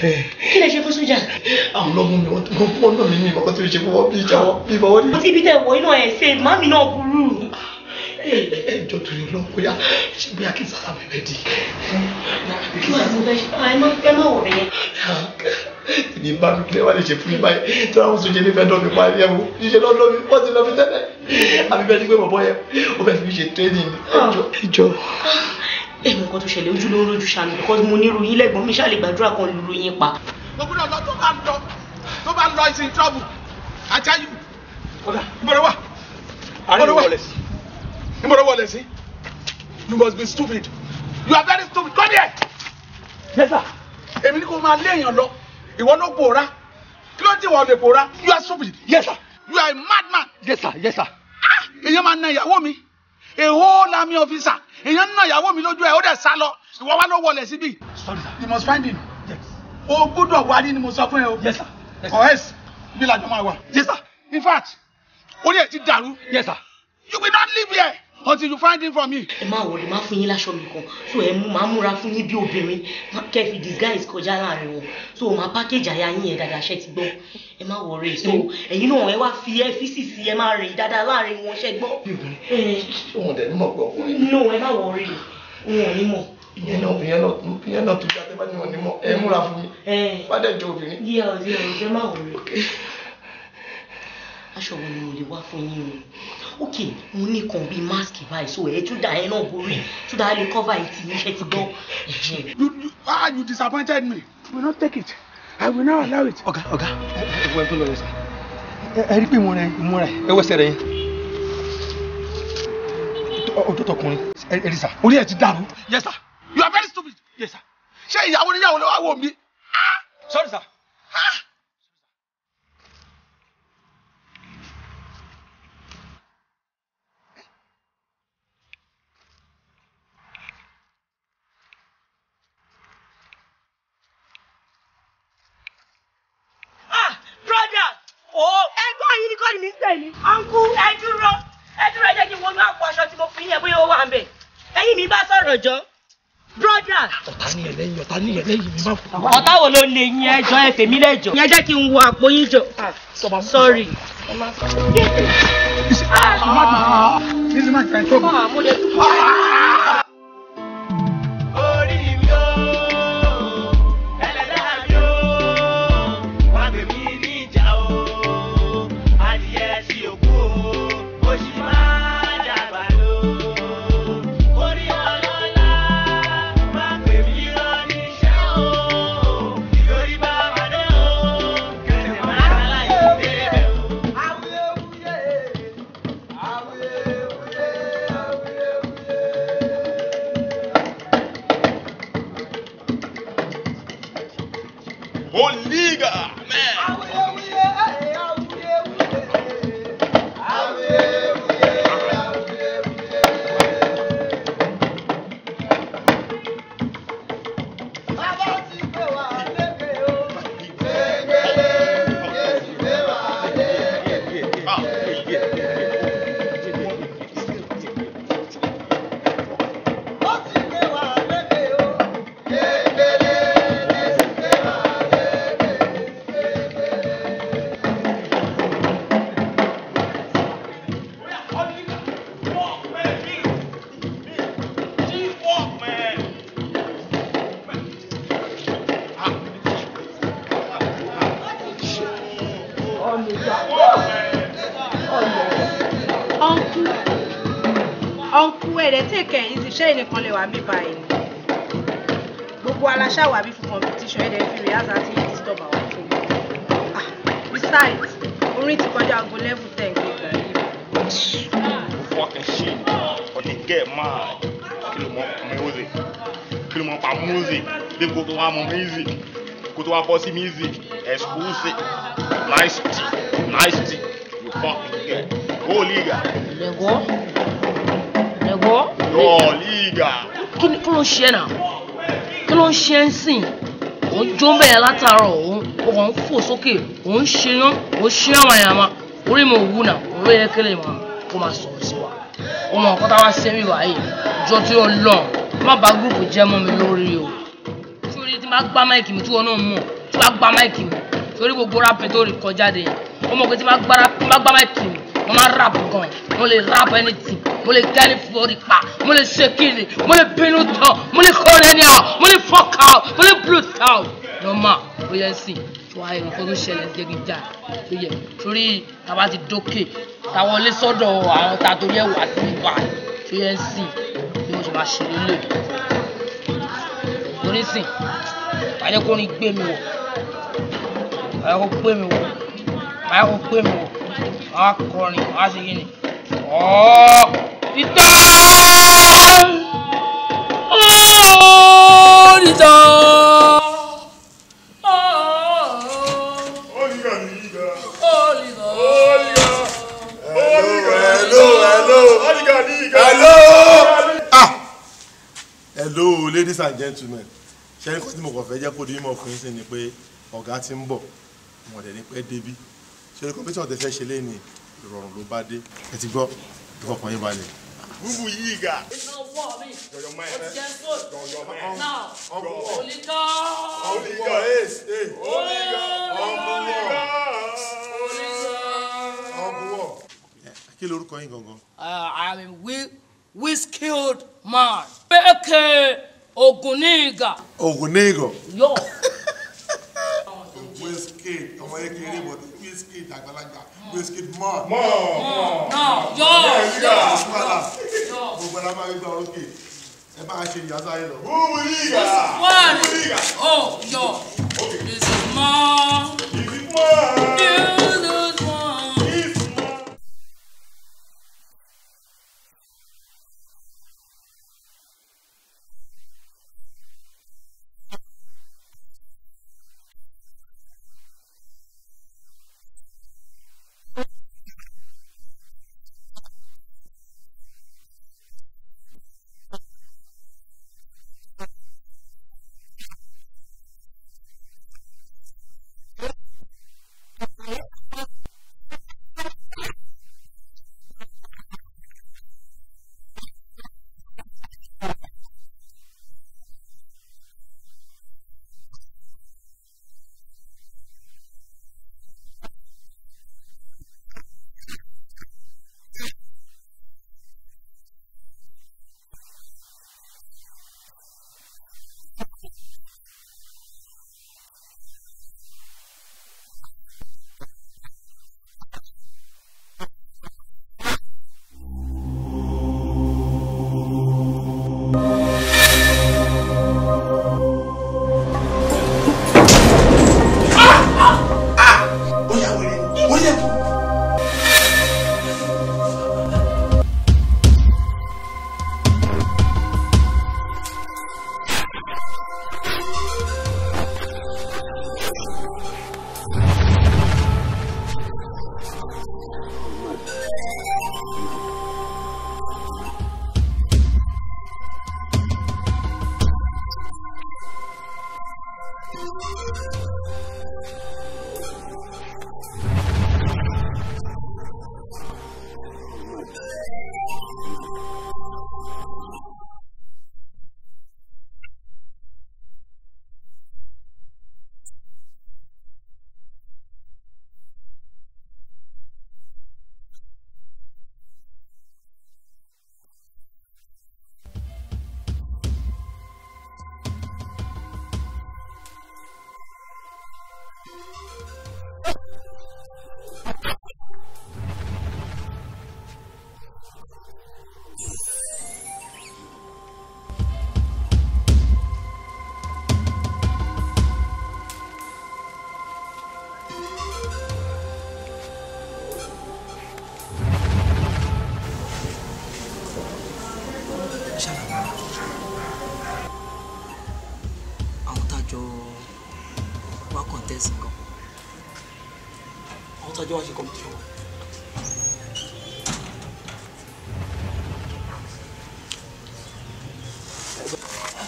D: kí lè
G: ṣe fún sójà. àwọn ọmọ mi wọn pọ náà mi ní ìmọ̀ tó lè ṣe fún wọn bí ìjà wọn bí ìbọn wọn ní. mo ti ibi tẹ wọ inú ẹ ṣe màmí náà burú. ẹ ẹ jọ torí Ọlọ́run bóyá ṣe bóyá kí n sára mi bẹ di. kí wàá mo bẹ ṣe ẹ má wọ bẹyẹ.
D: ìní bá mi lẹ́wà lè ṣe fún mi báyìí tí wọ́n sojẹ́ nífẹ̀ẹ́ dọ́ mi pa ẹ̀ wò ṣíṣe lọ́ lọ́ mi wọ́n ti lọ́
G: mi tẹ́lẹ̀ àbí èmi nǹkan tó ṣẹlẹ̀ ojú ló ń rojú because mo ní ròyìn lẹ́gbọ̀n mi ṣàlè gbàdúrà kan lu ròyìn pa.
F: gbogbo lọ tó bá ń lọ tó bá ń lọ is in trouble I tell you. ìbọ̀rọ̀ wà ìbọ̀rọ̀ wà ìbọ̀rọ̀ wà lẹ́sìn you must be stupid you are very stupid come here. yes sir. èmi ni kò máa lé èèyàn lọ ìwọ ló pòórá kí ló ti wọ lè pòórá you are stupid. yes sir. you are a madman. yes sir yes sir. ah èèyàn máa na ìyàwó mi a whole army officer èèyàn náà ìyàwó mi lójú ẹ ó dẹ̀ sá lọ ìwọ wá ló wọlé síbí. you must find him. yes. o gbọ́dọ̀ wá ní ni mo sọ fún ẹ o. yes sir. yes sir. bí lajọ máa wà. yes sir in fact orí ẹ
G: ti dàrú. yes sir. you will not live here until you find him for me. ẹ má wọlé má fún yín láṣọ mi kan so ẹ mú máa múra fún yín bí obìnrin kẹ́ fi disguise kọjá láàrin wọn so máa package àyà yín yẹn dáadáa ṣe ti gbọ́ ẹ má wọlé so ẹ̀yin náà ẹ wá fi ẹ fi sì sí ẹ má rìn dáadáa láàrin wọn ṣe gbọ́. no ẹ má wọlé wọn ò ní mọ̀ ìyẹn náà ìyẹn náà ìyẹn náà tó jáde bá ní wọn ní mọ ẹ múra fún mi bá dẹ jọ obìnrin. yíyá ọ̀sẹ̀ ọ̀sẹ̀ máa wọlé aṣọ wo ni mo lè wá fún yín o ok mo ní kan bíi mask báyìí so ẹ tún dà ẹ náà borí tún dà ẹ lè cover it ní iṣẹ́ ti gbọ́. you you ah you disappointed me. I will not take it I will not allow it. ọ̀gá ọ̀gá ẹ̀wọ̀n ẹ̀ tó lọ rẹ̀ sá ẹ̀ rí pé ìmúra ẹ̀ ìmúra ẹ̀ ẹ̀wọ̀ ẹ̀sẹ̀
F: rẹ̀ yẹn ọdọtọkùnrin ẹrí sá orí ẹ ti dàrú. yes sir you are very stupid. yes sir ṣé ìyàwó ni ìyàwó ni wàá wò sorry sir.
G: brother. Oh, ẹ̀gbọ́n yìí ni kọ́ni mi ń pè ní. ọ̀nkú ẹ dúró ẹ dúró ẹ jẹ́ kí n wọnú àpò aṣọ tí mo fi yẹn bóyá ó wà ń bẹ̀. ẹ̀yin mi bá sọ̀rọ̀ jọ broda. ọ̀tá ni ẹlẹ́yìn ọ̀tá ni ẹlẹ́yìn mi máa fún wa. ọ̀tá wo ló lè yín ẹjọ́ ẹ fèmí lẹ́jọ́. ìyẹn jẹ́ kí n wo àpò yín jọ. Ah, sorry. ìsìnkú máa tẹ̀ tó. mi báyìí gbogbo aláṣàwà bí fún competition ẹ̀dẹ̀ fi rè áza ti disturb our phone ah besides orin ti kọjá aago level ten gbé gan
E: yìí.
G: fucking shit but they get mad kí ló mọ
F: music kí ló mọ pa music bí gbogbo wa mọ music kó tó wá bọ́ sí music exclusive nice tea nice tea you fucking
G: get Liga. guy. ló ń ṣe náà kí ló ń ṣe ń sìn òun jó bẹ́ẹ̀ látàárọ̀ òun òun fò sókè òun ṣeyán òun ṣeyán mayama orí mi ò wú náà òun yẹ kí lè mọ kó máa sọ̀rọ̀ sí wa ọmọ nǹkan tá a wá ṣe mí wáyé jọ tí ó lọ má ba gúrùpù jẹ́ mọ́ mi lórí o tí orí ti máa gbá máìkì mi tí wọn náà mọ̀ tí wàá gbá máìkì mi torí gbogbo rápẹ̀ tó rí kọjá de ọmọ òkè tí máa gbá máìkì mi wọ́n máa rap gan wọ́n lè rap anything mo lè dẹ́ni forí pa mo lè ṣe kíni mo lè bínú tán mo lè kọ́ lẹ́ni ọ̀ mo lè fọ́ka ọ̀ mo lè blu tán ọ̀ lọ́mọ ó yẹ sìn wá nǹkan tó ṣẹlẹ̀ gẹ́gẹ́dà tó yẹ torí tàbá ti dókè táwọn lé sọ́dọ̀ àwọn tá a torí ẹ̀ wá sí ibà tó yẹ sìn bí wọ́n ṣe máa ṣe lélẹ̀ torí sìn àyẹ kó ní gbé mi wọ̀ àyẹ kó gbé mi wọ̀ àyẹ kó gbé mi wọ̀ àwọn akọrin ni ọ̀ọ́ ti tán ó ti tán.
A: hello
H: ah hello ladies and gentlemen ṣe ní kó tí mo kàn fẹ́ jẹ́ kó dìímọ̀ fún yín sí ni pé ọ̀gá ti ń bọ̀ wọn dẹ̀ ní pẹ́ débí ṣe ní kọ́mpútà ọ̀tẹ̀ fẹ́ ṣe lé ní ìrọ̀rùn ló bá dé ẹ ti gbọ́ ìfọkàn yín balẹ̀. Bubu Yiga. It's not war, me. You're your man. What's eh? your foot? You're
C: your man. Now. Holy God. Holy God. Yes. Hey. Holy
A: God.
H: Holy God. Holy God. Kí lorúkọ yín gangan?
C: Uh, I am Wizkid man. Peke
H: Oguniga. Oguniga. Yo. Wizkid ọmọ yẹn kiri bọ̀ Wizkid àgbàlagbà Wizkid man. Mọ̀ mọ̀. Náà yọ̀ yọ̀ gbogbo ẹ̀rọ máa gbégbá orókè ẹ máa ṣe ìyásáyé lọ. Búburìgà! Búburìgà!
C: Ó yọ! This is
B: more. This is more.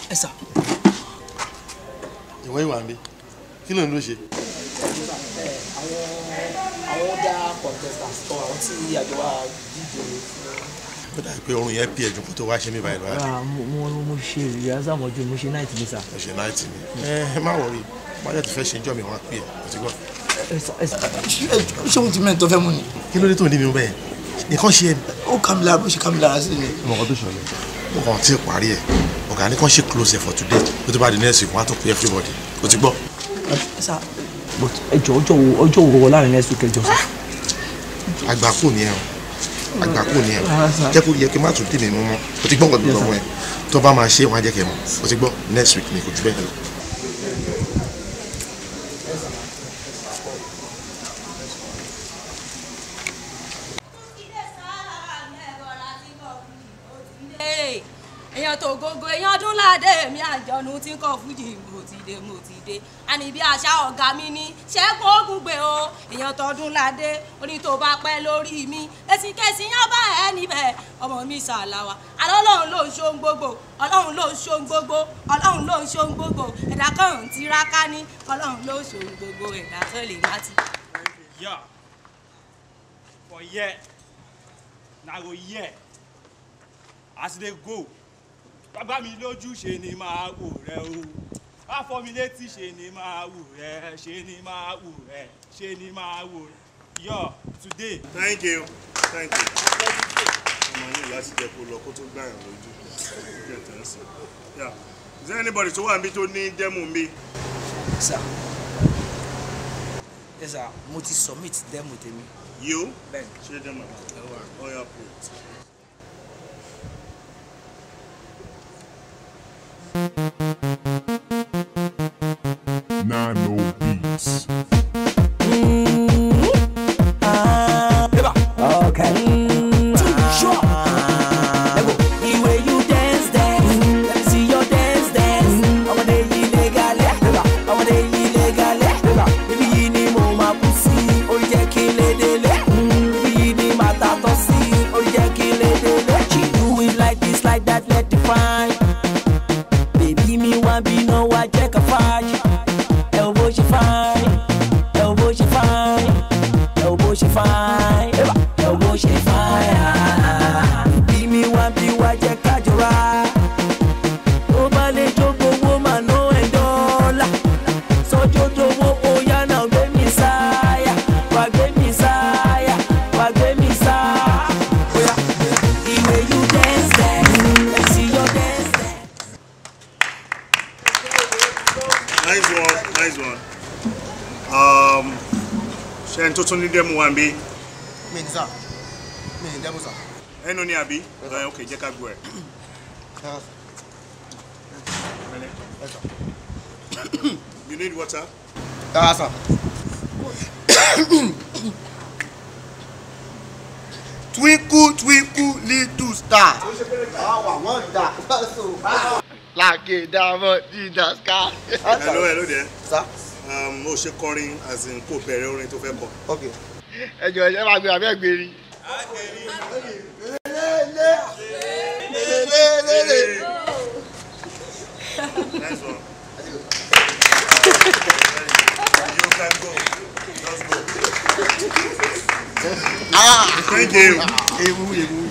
H: ẹ sà. ìwọ ìwà mi kí ló ń lọ ṣe.
E: àwọn ọ̀dà
A: contestants kọ àwọn tí àjọ wa
H: díje ó dàbí pé oorun yẹn pí ẹ̀jú kó tó wá ṣe mí báyìí lọ́wọ́. Ah,
E: mo mo ṣe
H: ìyáza mọ́jú mo ṣe náìtì mi sà. mo ṣe náìtì mi ẹ eh, má wọrí wájà tó fẹ́ ṣe jọ́ mi wọ́n á pè é kò tí gbọ́.
A: ṣé mo ti mẹ́rin tó fẹ́ mú ni. kí ló dé tó ní mi bẹ́ẹ̀ nìkan ṣe é. ó kà mí lára bó ṣe kà mí lára sí
H: ni. mo tó ṣọlẹ̀ mo tí ì parí ẹ̀ ọ̀gá ní kàn ṣe close ẹ̀ for today ó ti bá di next week wọ́n á tún pè everybody ó ti gbọ́. ẹjọ ọjọ́ wo ọjọ́ wo wọlá rẹ next week ẹjọ sọ. àgbákò ni ẹ o àgbákò ni ẹ o ah, jẹ́ kó yẹ kí n má tún dì mí mú mọ́ ó ti gbọ́ nǹkan tó lọ́wọ́ ẹ tó bá máa ṣe wọ́n á jẹ́ kẹ́ mọ́ ó ti gbọ́ next week ni kò ju bẹ́ẹ̀ lọ.
C: mo ti dé mo ti dé àní bí àṣà ọ̀gá mi ní ṣẹ́gun ògùngbè o èèyàn tọdún ládé oní tó bá pẹ́ lórí mi èsìkèsì yán bá ẹ níbẹ̀ ọmọ mi ṣàlàwà àlọ́ ló ń ṣohun gbogbo ọlọ́run ló ń ṣohun gbogbo ọlọ́run ló ń ṣohun gbogbo ẹ̀dá kan ò ń tiraka ní ọlọ́run ló ń ṣohun gbogbo ẹ̀dá tó lè má ti.
A: Yeah. For yeah, na go yeah. As they go, bàbá mi lójúṣe ni màá wò rẹ o wá fọ́ mi létí ṣe ni máa wù rẹ ṣe ni máa wù rẹ ṣe ni máa wù rẹ yọ today. thank you thank you ọmọ yìí láti jẹ kó lọ kó tó gbà yàn lójú is there anybody tó wà níbi tó ní demo mi. sir yes sir mo ti submit demo tèmi. you ṣe demo ọyà plate. thank you mi. mi ní sá mi ní dẹ́kun sá. ẹnu ni àbí ok jẹ́ ká gbọ́ ẹ. you need water. ah sir. twinkle twinkle little star. àwọn àwọn dà bá hello hello there. sir. Um, o ṣe kọrin as in kò bẹ̀rẹ̀ orin tó fẹ́ kọ. okay ẹjọ ẹ máa gbé abẹ́ gbé ni. Thank you.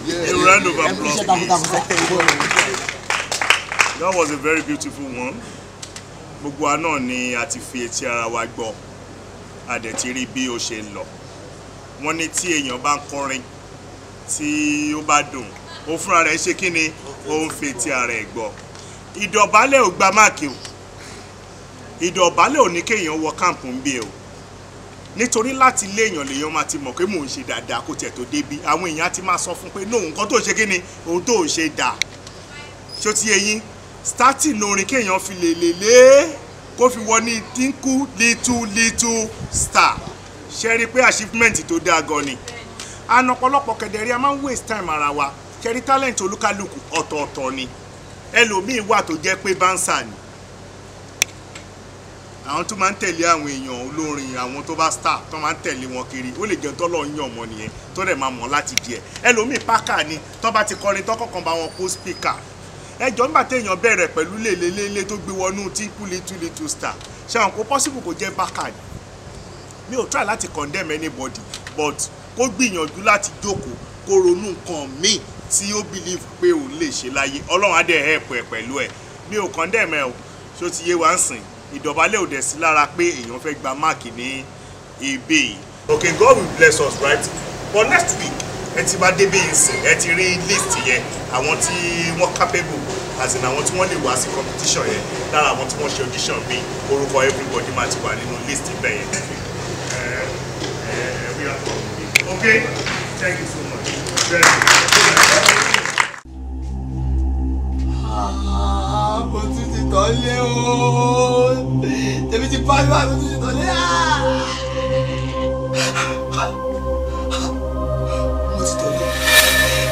H: A round of applause,
A: That was a very beautiful one. Gbogbo wa ni a ti fi etí ara wa gbọ́, a dẹ̀ ti rí bí ó ṣe lọ wọ́n ní tí èèyàn bá ń kọrin tí ó bá dùn ó fúnra rẹ̀ ṣe kí ni ó ń fetí ara ẹ̀ gbọ́ ìdọ̀bálẹ̀ ò gba máàkì o ìdọ̀bálẹ̀ ò ní kéèyàn wọ káàmpù ń bí o nítorí láti ilé èèyàn lèèyàn máa ti mọ̀ pé mò ń ṣe dáadáa kó tiẹ̀ tó débi àwọn èèyàn á ti máa sọ fún pé nóò nǹkan tó ṣe kí ni òun tó ṣe dà ṣó ti yé yín starting orin kéèyàn fi lè lè lé kó fi wọ ní dínkù little little star ṣe rí pé achievement tó dáa gan ni àna ọ̀pọ̀lọpọ̀ kẹ̀dẹ̀rí a máa ń waste time ara wa ṣe rí talent olúkálùkù ọ̀tọ̀ọ̀tọ̀ ni ẹlòmíín wà tó jẹ́ pé bánsà ni àwọn tó máa ń tẹ̀lé àwọn èèyàn olórin àwọn tó bá star tó máa ń tẹ̀lé wọn kiri ó lè jẹun tó lọ yàn ọmọ nìyẹn tó dẹ̀ máa mọ̀ láti díẹ̀ ẹlòmíì pákà ni tó bá ti kọrin tó kọ̀kan bá wọn kó spíkà ẹjọ́ nígbà téèyàn bẹ̀rẹ̀ pẹ̀lú lélelélé tó gbé wọnú tí kúlítúlítú star ṣé àwọn kò possible kò jẹ́ pákà ni mi ò try láti condemn anybody but kó gbìyànjú láti jókòó kó ronú nǹkan míì tí ó believe pé òun lè ṣe láyé ọlọ́run á dẹ̀ help ẹ̀ pẹ̀lú ẹ̀ mi ò condemn ẹ̀ o ṣó ti yé wa ń sìn ìdọ̀bálẹ̀ ò dẹ̀ sí lára pé èèyàn fẹ́ gba máàkì ní ebè yìí. okay God will bless us right but next week ẹ ti bá débí ìsìn ẹ ti rí list yẹn àwọn tí wọ́n capable as in àwọn tí wọ́n lè wá sí competition yẹn lára àwọn tí wọ́n ṣe audition bíi orúkọ everybody máa ti wà nínú list bẹ́ẹ̀ yẹn we are from. Okay? Thank you so much. Very good. mo tún ti tọ́ lé o tèmi ti bá yóò àmì tún ti tọ́ lé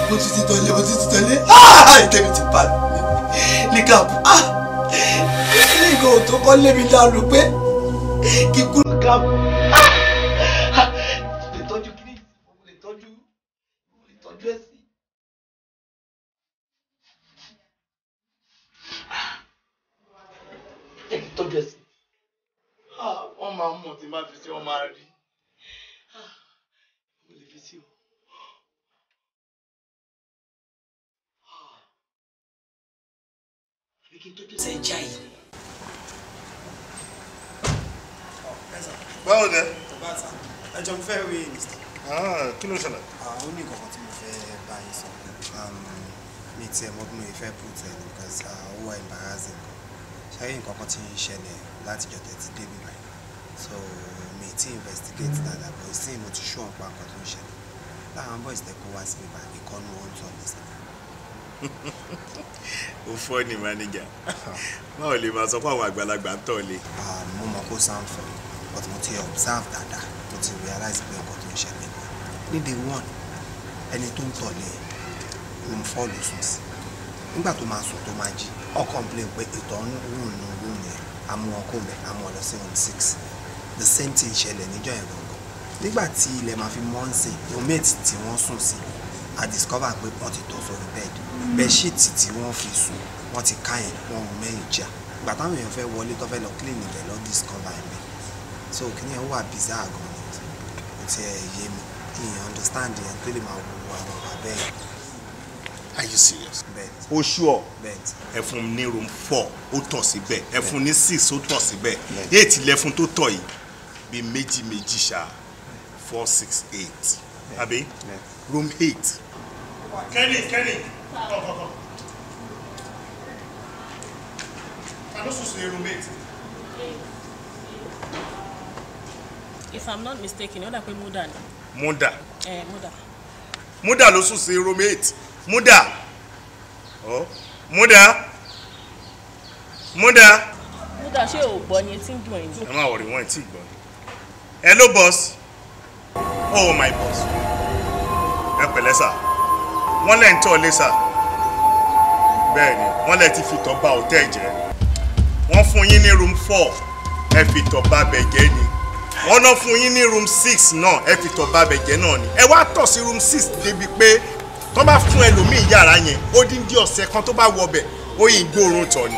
A: mo ti tọ́ lé mo tún ti tọ́ lé mo tún ti tọ́
D: lé tèmi ti bá mi máa mọ̀ tí má fi sí wọn máa rí. Ah, mo lè fi sí o.
B: Ah, àbí kí n
E: tọ́jú sẹ́ já yìí. Báwo dẹ? Bàbá àtà, ẹjọ́ ń fẹ́ rí Mr. Ah, kí ló ṣẹlẹ̀? Ó ní nǹkan kan tí mo fẹ́ bá yín sọ. Um, mi tiẹ̀ mọ́ bí mo fẹ́ put ẹ̀ because owó ẹ̀ ń bàrá sí nǹkan. Ṣé nǹkan kan ti ń ṣẹlẹ̀ látijọ́ tẹ̀ ti dé báyìí? so mi ti investigate dada but sí mo ti show up kan tó ń ṣẹlẹ̀ láwọn boys tẹ kó wá sí ibà ìkọ́nú wọn tó ní sí.
A: o fọ́ ni mánéjà báwo lè máa sọ fún àwọn àgbàlagbà ń tọ̀lé.
E: mo mọ̀ kó sound for but mo ti observe dada mo ti realize pé nǹkan tó ń ṣẹlẹ̀ ní day one ẹni tó ń tọ̀lé ló ń fọ́ ló sùn sí nígbà tó máa sùn tó máa jí ọ complain pé ìtọ̀ ń rùn ní rúùn yẹn àmú ọkọ mi àmú ọ lọ six the same thing ṣẹlẹ̀ níjọ́ yẹn gangan nígbà tí ilẹ̀ máa fi mọ́ ń sìn roommate tí wọ́n sùn sí I discover pé wọ́n ti tọ̀ sórí bed bedsheet tí wọ́n fi sùn wọ́n ti ká yẹn wọ́n rún mẹ́yìn jà ìgbà táwọn èèyàn fẹ́ wọlé tó fẹ́ lọ clean ibẹ̀ lọ discover ẹ̀mí so kìíní ẹ̀ wà bizarre gan ni kò tiẹ̀ yé mi ìyẹn understand yẹn tó lè máa wo àwọn ọ̀gá bẹ́ẹ̀. Are you serious? Bet. O oh, sure. Bet. Ẹ fún ní room
A: four ó tọ̀ síbẹ̀. Ẹ fún ní six ó tọ̀ síbẹ̀. Eight ilẹ̀ fún tó tọ̀ yìí bíi méjì méjì ṣá four six eight àbí room eight.
B: kẹ́ni kẹ́ni kọ̀kọ̀kọ̀
C: ta ló sùn sí room eight. if i'm not mistaken ó dà pé muda ni. muda. ẹ muda.
A: muda ló sùn sí room eight muda. Oh. muda Muda. Muda. ṣé o gbọ́ ni etí ń dùn ẹ̀yìn. ẹ má wọrí wọn etí gbọ́ hello boss oh my boss ẹ pẹ̀lẹ́ sà wọ́n lẹ́ ń tọ́ lé sà bẹ́ẹ̀ ni wọ́n lẹ́ ti fi tọ́ ba òtẹ́ jẹ́ wọ́n fún yín ní room four ẹ fi tọ́ ba bẹ̀ jẹ́ ni wọ́n náà fún yín ní room six náà ẹ fi tọ́ ba bẹ̀ jẹ́ náà ni ẹ wá tọ̀ sí room six débi pé tó bá fún ẹlòmíì yàrá yẹn ó dín dín ọ̀sẹ̀ kan tó bá wọ bẹ̀ ó yìn gbóòórùn tọ̀ ni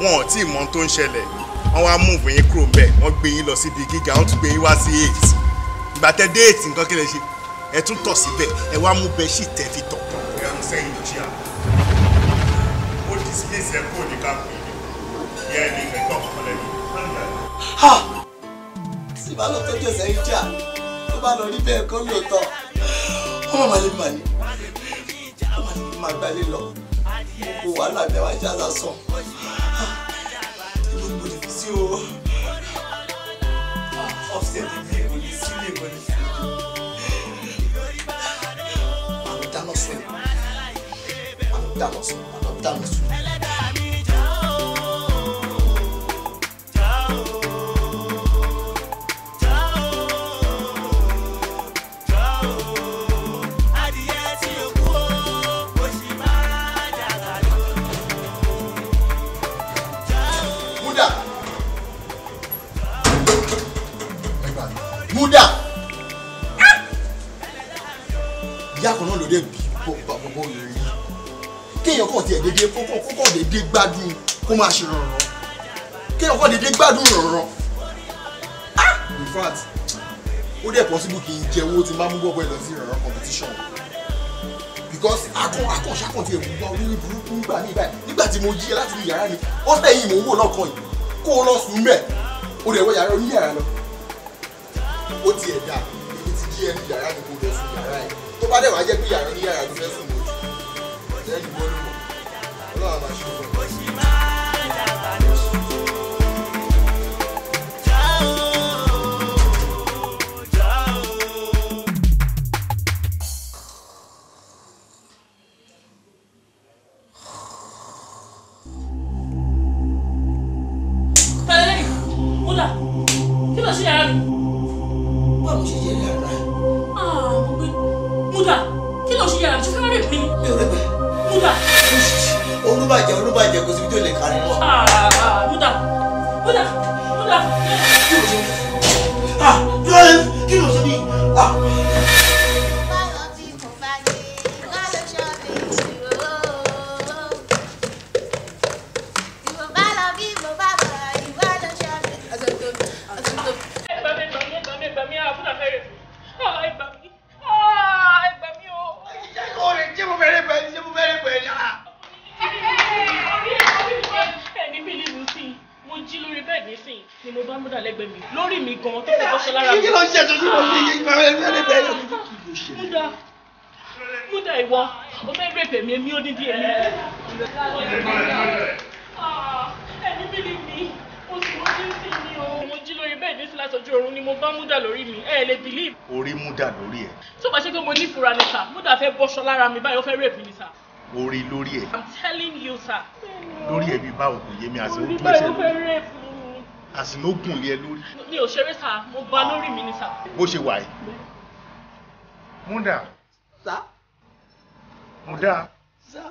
A: wọn ò tí ì mọ ohun tó ń ṣẹlẹ̀ wọ́n wá múùfù yín kúrò mbẹ̀ wọ́n gbé yín lọ síbi gíga wọ́n tún gbé yín wá sí eight ìgbà tẹ dé nǹkan kí lè ṣe ẹ tún tọ̀ síbẹ̀ ẹ wá mú bẹ́ẹ̀ sì tẹ̀ fi tọ̀. ìyanu sẹ́yìn jí à ó di sílé ìṣẹ́ kó ní ká pè é ìyá ẹni ìfẹ́ tọ̀ ọ̀lẹ́ mi. sì bá lọ tọ́jú ẹ̀sẹ̀ jà tó bá lọ rí bẹ́ẹ̀ kọ́ lóòótọ́ ọmọ màlẹ́ màlẹ́ ọmọ màlẹ́ màgbálẹ́ lọ
B: gbogbo
A: wàhálà bẹ́ẹ̀ wá jà lásán sí o ọ̀sẹ̀ nílé kò ní sílé I'm ní sílé àwọn gbádùn rànran ah in fact ó dẹ̀ possible kì í jẹ owó tí n bá mú gbọ́gbọ́ ẹ lọ sí ìrànràn competition because akọ akọ ṣàkọọ̀tì ẹ̀gbọ́n olórí burúkú nígbà mi báyìí nígbà tí mo jí ẹ láti yàrá mi ọ̀sẹ̀ yìí mò ń wò lọ́kàn yìí kó o lọ sùn mẹ́ o dẹ̀ wọ yàrá oní yàrá lọ ó ti ẹ̀ dà èmi ti jí ẹnu yàrá mi kó o lọ sùn yàrá ẹ̀ tó bá dẹ̀ wá jẹ́ pé yàrá
F: bó ṣe wà yìí. múdà.
G: sá.
D: múdà. sá.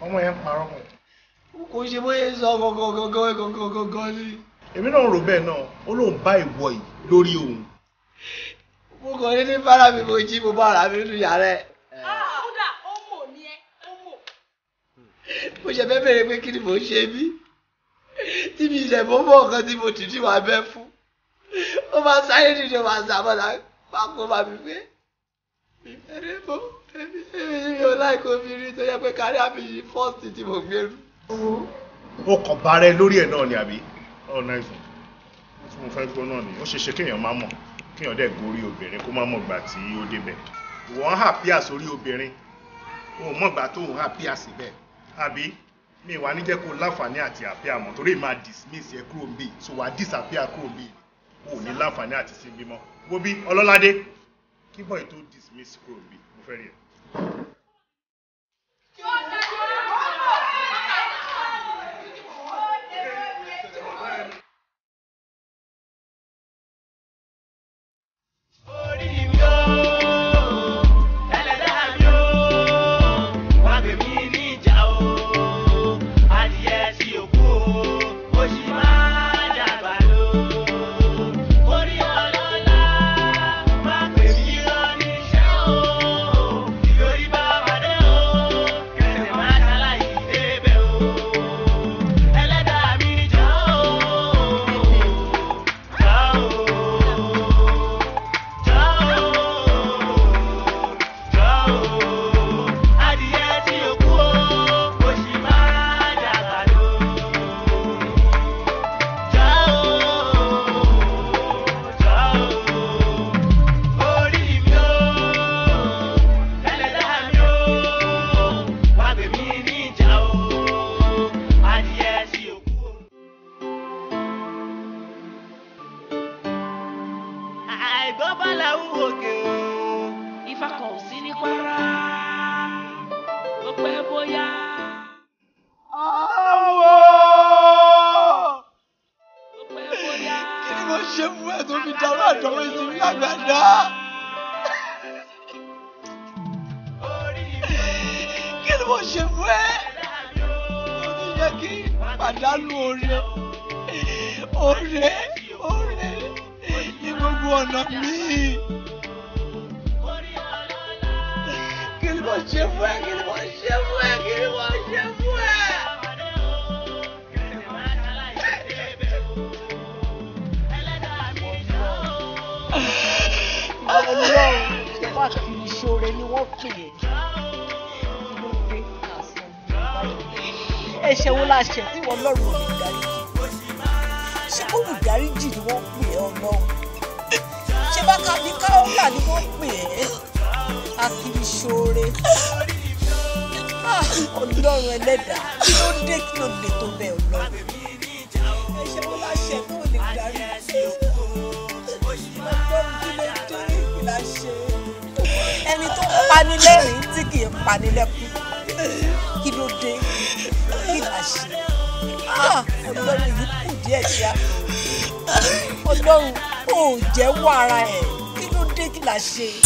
D: ọmọ yẹn ń parọ́ mọ́. kò ṣe bóyá sọ gọgọgọgọgọgọgọ ni. èmi náà rò bẹ́ẹ̀ náà
F: ó lóun bá ìwọ yìí lórí
D: òun. mo kàn ní ní fara mi mo jí mo bá ara mi nínú yàrá ẹ.
G: Ah, múdà ó mọ̀ ní ẹ ó mọ̀.
D: mo ṣe fẹ́ bẹ̀rẹ̀ pé kí ni mò ń ṣe bí tí mi ìṣẹ̀fọ́ mọ̀ kan tí mo tì tí wàá bẹ́ fún ó máa sáré dìde ó máa sàmọ́lá pákó máa fi pé ìbẹ̀rẹ̀ mọ́ ẹbí mi ò láìkó mi rí tó a pé kárí àbí fọ́ọ̀sì tí mo gbèrú. ó
F: o bára ẹ lórí ẹ náà ni àbí ọ náà ìfún tí mo fẹ́ gbọ́ náà ni ó ṣeéṣe kéèyàn má mọ̀ kéèyàn dẹ̀ gorí obìnrin kó má mọ̀ gbà tí ó débẹ̀ wọ́n hà pí àsórí obìnrin òun mọ̀ gbà tóun hà pí àsìbẹ̀ àbí mi ìwà níjẹ́ kó láǹfààní àti àpẹ́ àmọ́ torí máa dismiss ẹ kúrò ń bì so wà á disappear kúrò ń bì o ò ní láǹfààní àti sí bímọ wo bí ọlọ́ládé
D: kí bọ́ọ̀ tó dismiss kúrò bí mo fẹ́ rí ẹ.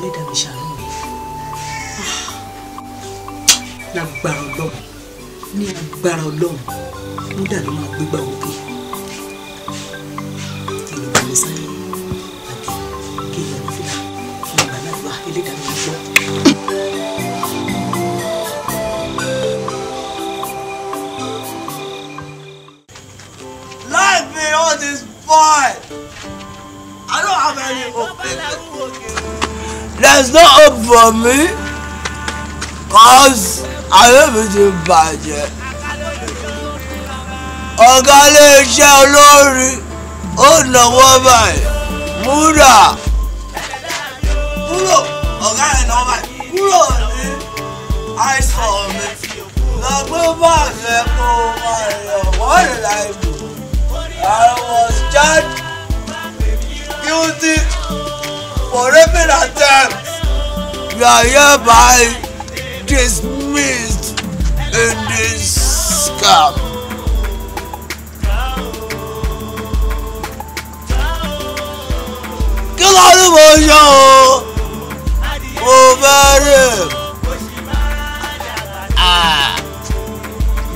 A: Ẹlẹ́dàá mi ṣàánú mi ah, lágbára Ọlọ́run ní agbára Ọlọ́run ó dàbí máa gbégbá òkè. there's not up for me cause I ayé mi ti bàjẹ́ ọ̀gá iléeṣẹ́ olórin ó nàwó báyìí múra kúrò ọ̀gá ẹ̀ nàwó báyìí kúrò ní àìsàn mi lọ gbé báàgì kó máa lọ wọ́n lè láì dùn I was charged guilty for raping and death and are hereby dismissed in this scam. kí ló ní mo ṣe o mo fẹ́ rè ah,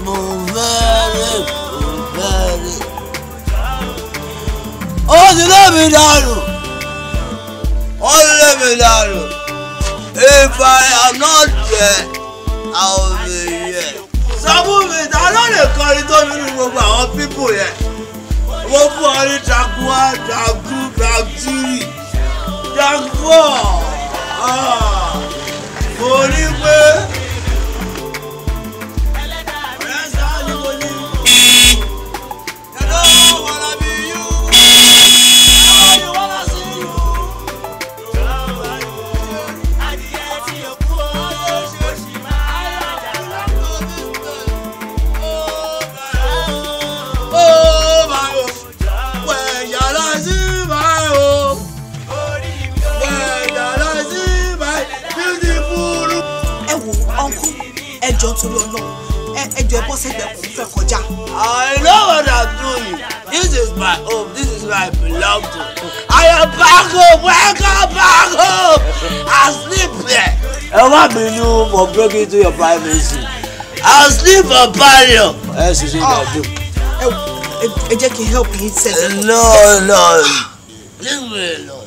A: mo fẹ́ rè mo fẹ́ rè ó ti lé mi dànù ó ti lé mi dànù. If I am not there, I will be here. Sọ́kùn mi ta ló lè kọrin tó nínú gbogbo àwọn pípò yẹn? Mo fún ọ ní Dragua, Dragu, Dragtiri, Dragfọ́. Ah, mo rí pé. ẹjọ́ torí ọlọ́run ẹjọ́ ẹbọ́ sẹ́gbẹ̀ẹ́ kò fẹ́ kọjá. I know what I'm doing. This is my home. This is my beloved. belong I am back home. Welcome back home. I sleep there. Ẹ má bínú for breaking into your privacy. I sleep for barrio. Ẹ sì ṣe ah. ìdájọ́. Ẹ jẹ́ kí help yín sẹ́yìn. No, no. Leave me alone.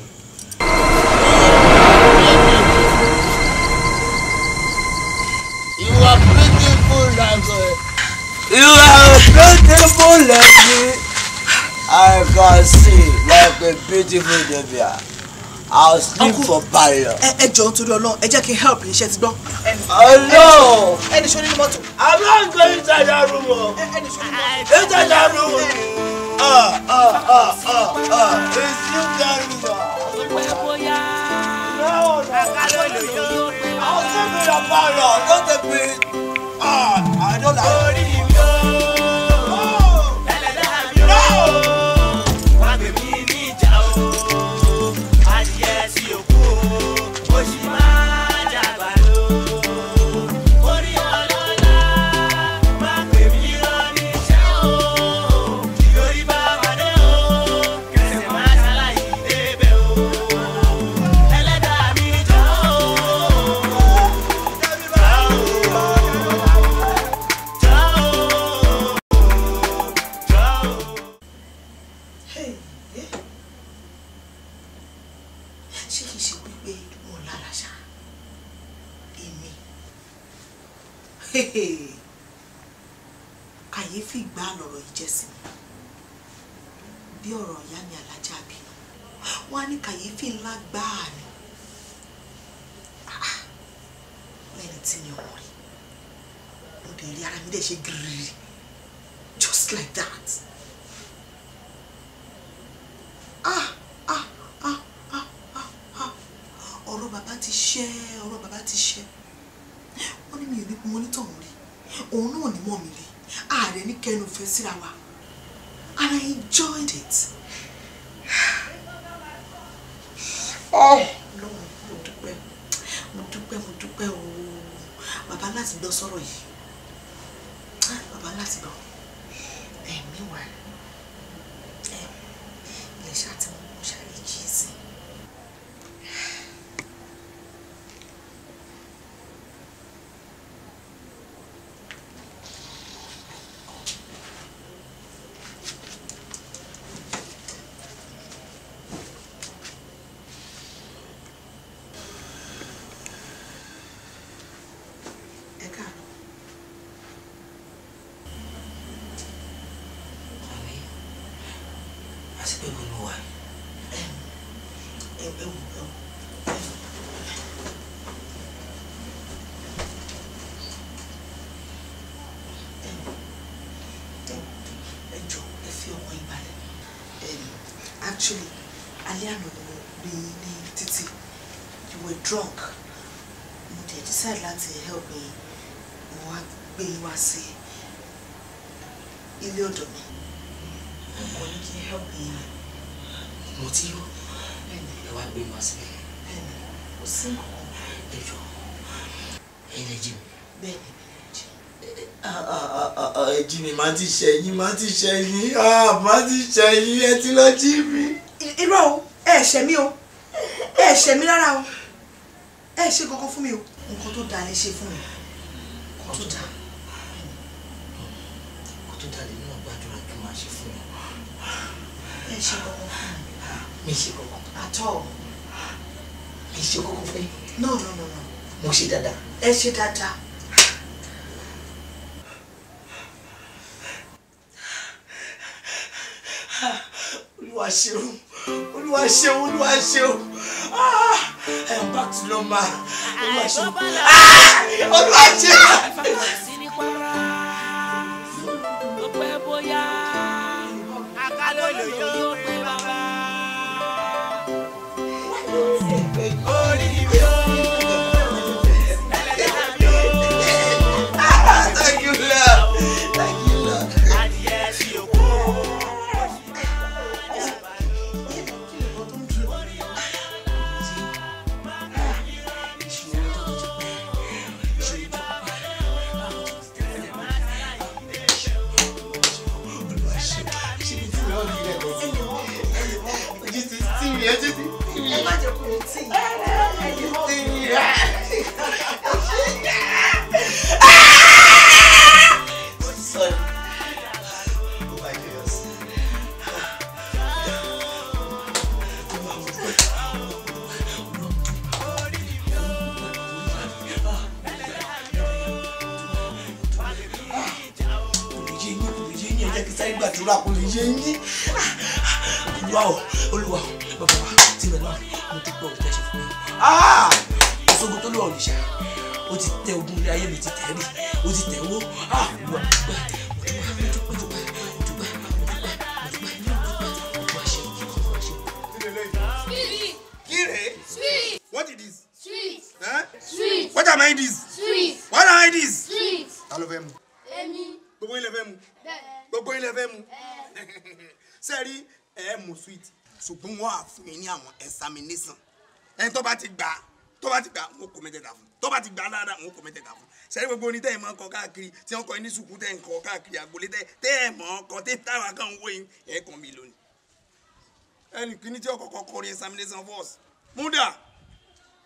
A: You Beautiful lady, I can see like a beautiful devil. I'll sleep for barrier. Ẹ jọ̀ọ́ nítorí Ọlọ́run, ẹ jẹ́ kí n help yín ṣe ti gbọ́. Ọlọ́run! Ẹni ṣo nínú I'm not going to that room o.
B: Ẹni ṣo nínú mọ́tò. that room.
A: Ah ah ah ah ah. It's still that room. Bóyá bóyá. I'll sleep in your barrier, not a
B: bit. Ah, I don't like it.
C: ilé ọ̀dọ̀ mi
A: ọkọ ní kí n help yín. mo ti yọ ẹ wá gbé ma sílẹ̀ kò sí nǹkan ẹ jọ ẹ lè jí mi.
C: bẹ́ẹ̀ni
A: ẹ jí mi máa ti ṣe yín máa ti ṣe yín máa ti ṣe yín ẹ ti lọ jí mi.
C: irọ́ o ẹ ṣe mí o ẹ ṣe mí rárá o ẹ ṣe kankan fún mi o nǹkan tó dáa lè ṣe fún mi
A: nǹkan tó dáa. ẹ ṣe kọkọ fún mi mi ṣe kọkọ no no no no mo ṣe dáadáa
C: ẹ ṣe dáadáa.
B: olúwa ṣeun olúwa ṣeun olúwa ṣeun
A: ah i'm back to normal olúwa ṣeun ah olúwa ṣeun. olúwa o olúwa o bàbá wa tìrẹ náà mo ti gbọ́ òtẹ́sẹ̀ fún mi ọ̀ṣogun tó lù ọ́ nìṣà o ti tẹ ogun ilé ayé mi ti tẹ̀ rí o ti tẹ̀ wó olúwa dúpẹ́ dúpẹ́ dúpẹ́ dúpẹ́ dúpẹ́ dúpẹ́
B: dúpẹ́ dúpẹ́ ṣe olúwa ṣe. kíre
A: what is this. sweet. Huh? sweet. what am I this. wọ́n á fún mi ní àwọn examination ẹni tó bá ti gbà tó bá ti gbà wọn kò mẹ́tẹ̀ẹ̀ta fún tó bá ti gbà dáadáa wọn kò mẹ́tẹ̀ẹ̀ta fún sẹ́yìn gbogbo oní tẹ́yìn mọ́ kọ káàkiri tí wọ́n kọ ní sùkú tẹ́yìn kọ káàkiri àgbòlé tẹ́yìn mọ́ kọ tẹ́ táwa kan wó yín ẹ̀ kàn mí lónìí. ẹnì kìíní tí ọkọ̀ kọrin examination force múdà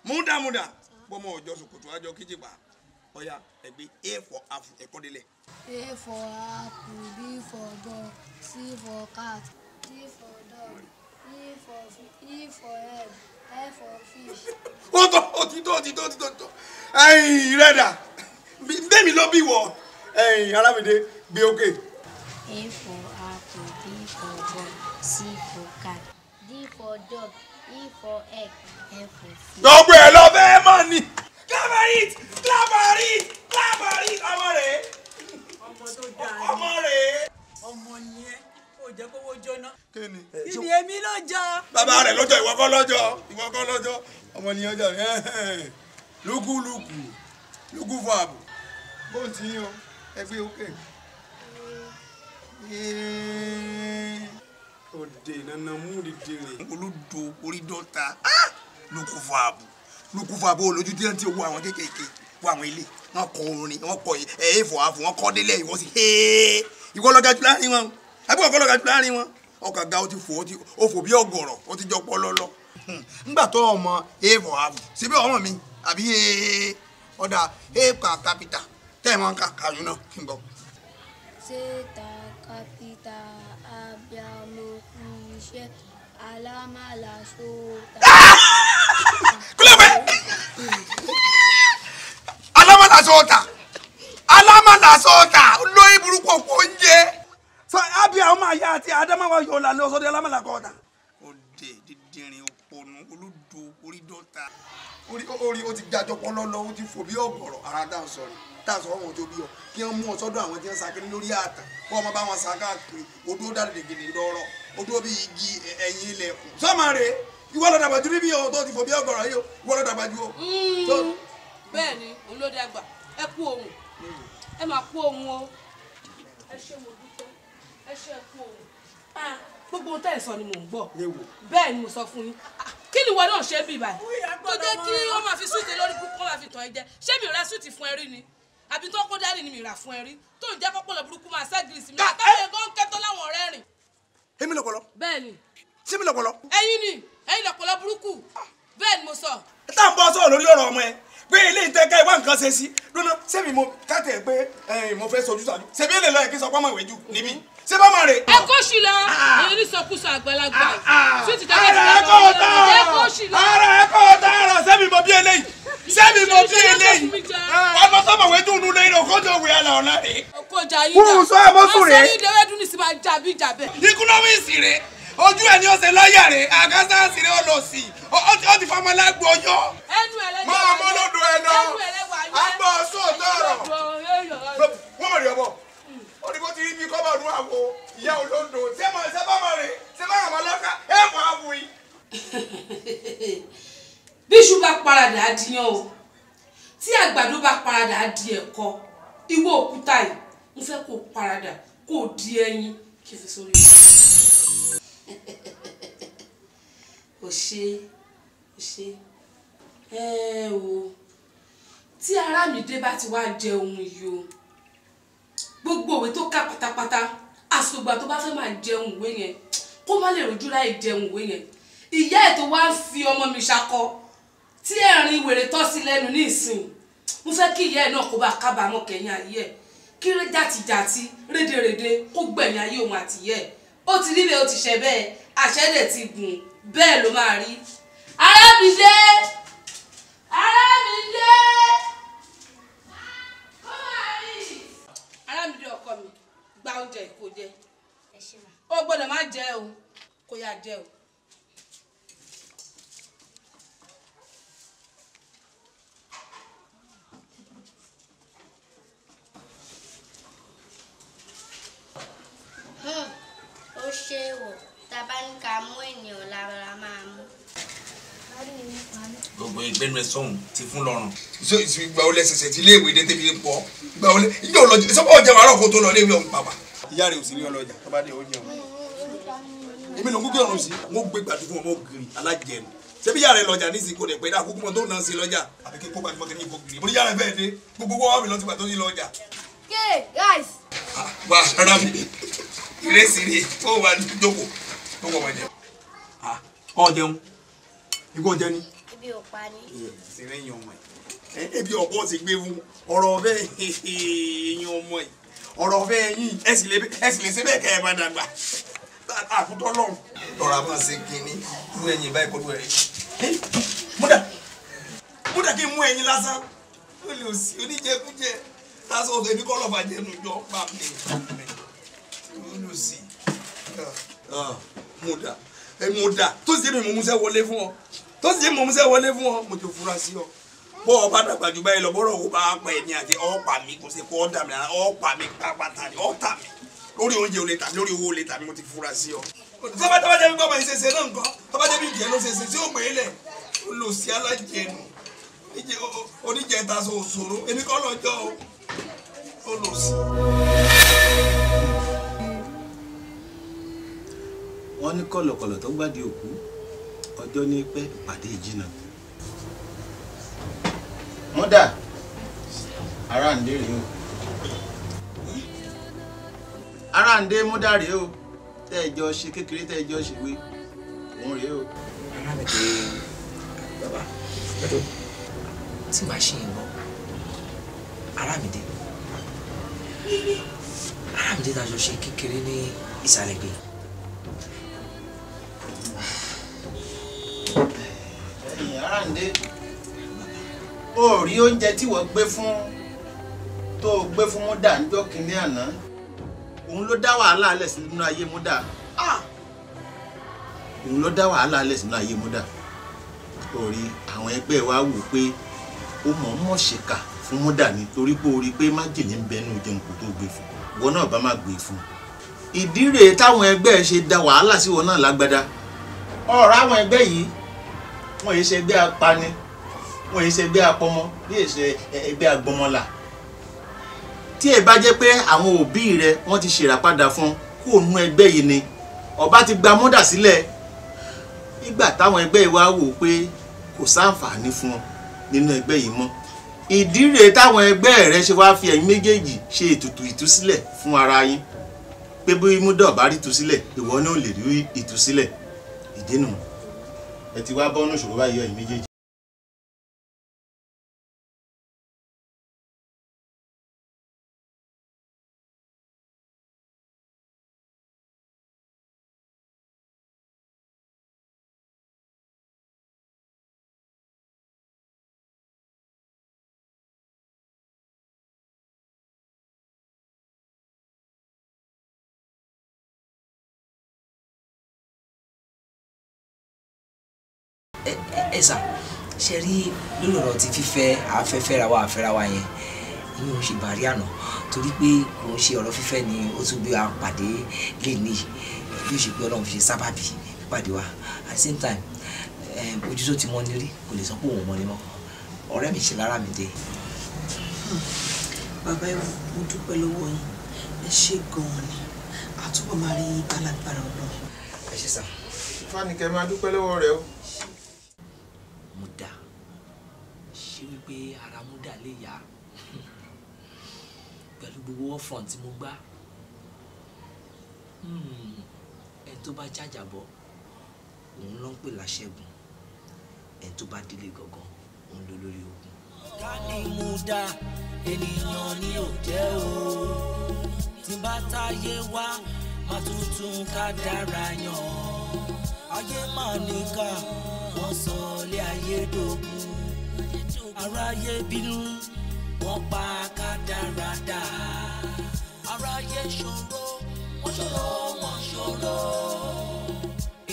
A: múdà múdà bọ́mọ ọjọ́ sòkòtò àjọ kéjì pa ọ̀ya ẹ̀gbẹ́ a for apple ẹ̀kọ́ délẹ̀.
B: a for apple b for dog c for cat
A: d for dog for E for head, F for fish. Ó tọ́ ó ti tó ó ti tó ó ti tó ó ti tó. Ẹyin ìrẹ́dà bẹ́ẹ̀mi ló bí wọ̀ ẹyin arábìnrin gbé òkè.
B: A for apple,
A: B for ball, C for cat, D for dog, E for egg, F for fish. Gbogbo ẹ̀ lọ bẹ́ẹ̀ mọ̀ ni. Clap at it! Clap at it! Clap at it! Ọmọ rẹ̀. Ọmọ tó
C: jẹ́ kówó jóná.
A: kí ni. kí ni
C: èmi ló jọ.
A: bàbá rẹ̀ lọ́jọ́ ìwọ kọ́ lọ́jọ́ ìwọ kọ́ lọ́jọ́ ọmọ nìyẹn jọ lukuluku lukú fún ààbò bóun ti yín o ẹgbẹ́ òkè òde nana múri dèrè. olùdó orí dọ́ta ah! lukú fún ààbò lukú fún ààbò olójú díẹ̀ ti wo àwọn kékèké wo àwọn ilé wọn kọ orin wọn kọ ẹ ẹ wọn kọ délẹ̀ ìwọ sí ẹ ìwọ lọgàjú láàrin wọn. àbí ọ̀fọ́ lọ́ka láàrin wọn ọkà ó ti fò ó fò bí ọ̀gọ̀rọ̀ ó ti jọ pọ̀ lọ́lọ́ hmm. tó ọmọ
E: èèfọ̀ ààbò síbẹ̀ ọmọ mi àbí ọ̀dà èèkà kápítà tẹ́ ẹ̀ kà kàyún náà kí n gbọ́.
B: sèta kápítà
A: abiyamọ iṣẹ́ ah! olóyè burúkú kò ń so abia ọmọ àyà àti adamawa yóò là lọ sọdẹ alámàlà kọta. ọdẹ dídìrín òpònú olùdó orí dọta. orí orí o ti jájọ pọlọlọ o ti fò bí ọgbọrọ ara dáhùn sọ̀rọ̀ táàsọ ọmọ tó bí ọ kí wọn mú ọ sọ́dọ̀ àwọn tí wọn sakiri lórí àtà kó ọmọ bá wọn sa káàkiri odó dáadé gèdè lọrọ odó bí igi ẹ̀yìn ilẹ̀kùn. sọ́mà rè ìwọ lọ dàgbàjú níbí o tó ti fò bí
C: ọgbọrọ yìí o ìwọ lọ dàgbàjú o. Hmm. bẹ́ẹ̀ ni olódàgbà ẹ kú ohun hmm. ẹ máa kú ohun o ẹ ṣe mo ẹ ṣe ẹkú o. Ah, gbogbo ohun tẹ́ ẹ̀ sọ ni mò ń gbọ́ bẹ́ẹ̀ ni mo sọ fún yín ah, kí ni wọn náà ṣe bí ibà tó jẹ́ kí wọ́n máa fi súùtì lórí kúkọ́ máa fi tàn ẹ́ jẹ ṣé mi ò súùtì fún ẹ ni àbí tó kó dání ni mi rà fún ẹ tó ń jẹ́ pọ́pọ́lọ́ burúkú máa ṣẹ́gìrì sí mi àtàwọn ẹ̀gọ́ ń kẹ́tọ́ láwọn ọ̀rẹ́ rìn. èmi lọpọlọ. bẹ́ẹ̀ni. ṣé mi lọpọlọ. ẹ̀yin ni ẹ̀yin lọpọlọ burúkú ah. bẹ́ẹ̀ ni mo sọ.
A: tá à ń bọ́ sọ̀rọ̀ lórí ọ̀rọ̀ ọmọ ẹ pé ilé ìtẹ́ká ìwà nǹkan ṣe sí lónà sẹ́mi mo kátẹ́ pé mo fẹ́ sojú sàdú sẹ́mi èlé lọ́yẹ̀ kí sọ pọ́nmọ́ ìwé jù ní ṣé bá máa rè. ẹ
C: kó sí lọ ní sọkúsọ àgbàlagbà tún ah, ah. ti tẹ́lẹ̀ fún ẹ kó ọ̀rọ̀ ara ẹ
A: kó ọ̀rọ̀ sẹ́mi mọ bí eléyìí sẹ́mi mọ bí eléyìí ah, ọmọ sọmọ wẹ dùn nínú lẹ́yìn òkòjọ wẹ àlà ọ̀la rè.
C: òkòjà yìí dà kúrú sọ ẹ sùn rè. ọsẹ yìí dẹwẹ dùn ní sì máa jà bí jàbẹ. ikúnọ́wìsì rè
A: ojú ẹ ní ọ̀sẹ̀ lọ́ọ̀yà rè àgásáàsì rè ọ̀rọ̀ wọ́n mọ̀ rí ọmọ oníbó ti rí bí kọ́bọ̀dù àwo ìyá olóńdó ṣé
C: mọ̀ ṣé bá mọ̀ rè ṣé bá àwọn ọlọ́ka ẹ̀ mọ̀ àwò yìí. bí iṣu bá paradà á di yan o tí àgbàdo bá paradà á di ẹ̀kọ ìwọ òkúta yìí mo fẹ́ kó paradà kó di ẹyin kí fi sórí. ò ṣe ò ṣe ẹ o tí Arámidé bá ti wá jẹ ohun yìí o gbogbo òwe tó ká pátápátá àsògbà tó bá fẹ́ máa jẹun ìwé yẹn kó má lè rojú láì jẹun ìwé yẹn ìyá ẹ̀ tó wá ń fi ọmọ mi ṣakọ tí ẹ̀rín wèrè tọ́ sí lẹ́nu ní ìsìn mo fẹ́ kí ìyá ẹ̀ náà kó bá kábàámọ̀ kẹ́yìn ayé ẹ̀ kí jàtìjàtì rédèrèdè kó gbẹ̀yìn ayé òun àtìyẹ́ ẹ̀ ó ti rí ó ti ṣẹ bẹ́ẹ̀ àṣẹ́dẹ̀ ti gùn bẹ́ẹ̀ ló máa rí arábìdé arábìdé. gba oúnjẹ kó jẹ ó gbọ́dọ̀ má jẹ o kó yá jẹ o.
B: ó
A: ṣe wò tá a bá ní ká mú ènìyàn lára máa mú gbogbo ìgbẹ́nu ẹ sọ̀hún ti fún lọ́rùn. so ìgbà wo lẹsẹsẹ ti ilé ìwé dé ń pọ ìgbà wo lẹ ìjọ ọlọjà sọpọ ọjà wàrà ọkọ tó lọ ilé ìwé ọhún pàpà. ìyá rẹ ò sí ní ọlọjà tó dé ó jẹun. èmi ló ń gbé ọrùn sí. mo gbé gbàdúrà fún ọmọ gírì alájẹun ṣé bí ìyá rẹ lọjà nísìnyí kò dẹ̀ pẹ́ dáa kókó mọ tó náà sí lọ́jà àbí kí guys. Ah, wà á rárá mi ìrẹsì rè é ó wà ní ìjókòó tó wọ̀ wọ̀ igbó jẹ ni. ebi ò pa ni. ṣe lẹ́yìn ọmọ ẹ̀ ebi ọ̀pọ̀ ti gbé wu ọ̀rọ̀ ọ̀fẹ́ ẹ̀yìn ọmọ ẹ̀ ọ̀rọ̀ ọ̀fẹ́ ẹ̀yìn ẹ̀ sì lè ṣe bẹ́ẹ̀ kẹ́ ẹ̀ bá dàgbà àkútọ́ lọ́hùn. tọ́ra máa ṣe kínní fún ẹ̀yìn báyìí pẹ̀lú ẹ̀rẹ́. múdà múdà kí n mú ẹ̀yìn lásán ó lè sí oníjẹkújẹ lásán ọ̀sẹ̀ ní kọ́lọ̀ bàjẹ́ nu jọ pa mi ó lè sí múdà múdà tó sì mi mú músẹ́ wọlé fún ọ tó sì jẹ́ mọ̀mùsẹ́ wọlé fún ọ mo ti fura sí ọ bọ́ ọ bá dàgbà jù báyìí lọ bọ́rọ̀ wo bá pẹ̀ ní àti ọ̀pá mi kò sí kó ọ́ dà mí rárá ọ̀pá mi pàápàá ni ọ̀tà mi lórí oúnjẹ ò lè tà mí lórí owó ò lè tà mí mo ti fura sí
B: ọ. tọ́ba tọ́ba jẹ́ gbọ́mọ ìṣẹ̀ṣe náà
A: nǹkan tọ́ba jẹ́ bí ìjẹ́ ló ṣẹṣẹ tí ó lẹ̀ lò sí alájẹnu oníjẹ ta so òṣòro èmi kọ́ lọ́jọ́ ó lò sí. wọ́n ní kọ̀lọ̀kọ̀lọ̀ tó gbádìí ọjọ́ ní pẹ́ pàdé ìjìnà. múdà ara ń dé rèé o ara ń dé múdà rèé o tẹ́ ẹ jọ ṣe kékeré tẹ́ ẹ jọ ṣe wé òun rèé o. ara mi bàbá tí màá ṣe ìmọ̀ ara mi dé ara ṣe kékeré ní ìsàlẹ̀ gbé. Àràǹdé o rí oúnjẹ tí wọ́n gbé fún tó o gbé fún múdà níjọ́ kínní àná òun ló dá wàhálà alẹ̀ sínú ayé múdà òun ló dá wàhálà alẹ̀ sínú ayé múdà o rí àwọn ẹgbẹ́ wa wò pé ó mọ̀ọ́mọ̀ ṣèkà fún múdà ni torí pé o rí i pé májèlé ń bẹnu jẹun kó tó gbé fún wọn náà bá má gbé fún un ìdí rèé táwọn ẹgbẹ́ ṣe da wàhálà sí wọn náà lágbádá ọ̀rọ̀ àwọn ẹgbẹ́ yìí wọn yìí ṣe ẹgbẹ́ apani wọn yìí ṣe ẹgbẹ́ apọmọ bí yìí ṣe ẹgbẹ́ agbọmọlà tí ẹ bá jẹ́ pé àwọn òbí rẹ wọ́n ti ṣèràpadà fún kó nu ẹgbẹ́ yìí ni ọba ti gba mọ́dà sílẹ̀ nígbà táwọn ẹgbẹ́ yìí wá wò pé kò sáǹfààní fún ọ nínú ẹgbẹ́ yìí mọ́ ìdí rèé táwọn ẹgbẹ́ rẹ ṣe wá fi ẹ̀yin méjèèjì ṣe ètùtù ìtúsílẹ̀ fún ara yín pé bí múdọ̀ bá rí ìtúsílẹ̀ ìwọ
B: náà lè rí ìtúsílẹ̀ ìdí nù ẹ ti wá bọ́nú ìṣòro báyìí ẹ̀yin méjèèjì ẹ sà ṣe rí lórí ọ̀rọ̀ ti fífẹ́ afẹ́fẹ́ra wa àfẹ́rawa yẹn ìyẹn ò ṣe bàrí
A: àná torí pé kò ń ṣe ọ̀rọ̀ fífẹ́ ni ó tún gbé wa pàdé lè ní bí ó ṣe pé ọlọ́run fi ṣe sábàbí pàdé wa at the same time eh, ojú tó ti mọ́ ní rí kò lè sọ pé òun mọ́ ni mọ́ ọ̀rẹ́ mi ṣe lára mi dé.
C: Hmm, bàbá ẹ mo dúpẹ́ lọ́wọ́ yín ẹ ṣe gan-an ni àtúbọ̀ máa rí yín ọlọ́run.
A: ẹ ṣe sá. fánikẹ́ máa dúpẹ́ lọ́wọ́ rẹ o. Múdà ṣé wípé ara Múdà lè yá pẹ̀lú gbogbo war front tí mo gbá hmm, ẹni tó bá jàjàbọ̀ òun ló ń pè láṣẹ́gun ẹni tó bá délé gangan òun ló lórí ogun. ká ní Múdà ènìyàn ni ò jẹ́ o tí bá táyé wá má tuntun ká dára yàn ayé má níkà wọ́n sọ ilé ayé dògún aráyé bínú wọ́n pa kádàrádà aráyé ṣòro wọ́n ṣòro wọ́n ṣòro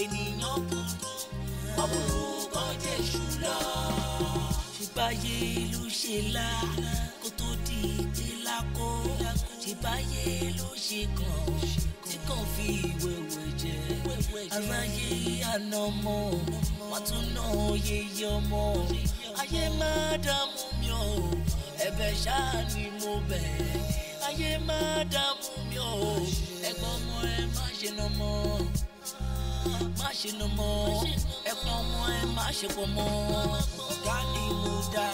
A: ènìyàn burú wọ́n burú kan jẹ́ ṣùlọ. ṣèbáyé ìlú ṣe la kó tó di ìgbélákó ṣèbáyé ló ṣe kàn kàn fi wẹ̀wẹ̀ jẹ́ aráyé àná ọmọ wọ́n tún ná yeye ọmọ ayé má dààmú mi o ẹ̀bẹ̀ ṣáà ni mo bẹ̀ ayé má dààmú mi o ẹ̀gbọ́n ọmọ ẹ má ṣe nà mọ́ má ṣe nà mọ́ ẹ̀gbọ́n ọmọ ẹ má ṣe pọ̀ mọ́ ọ̀gá ni mo dà.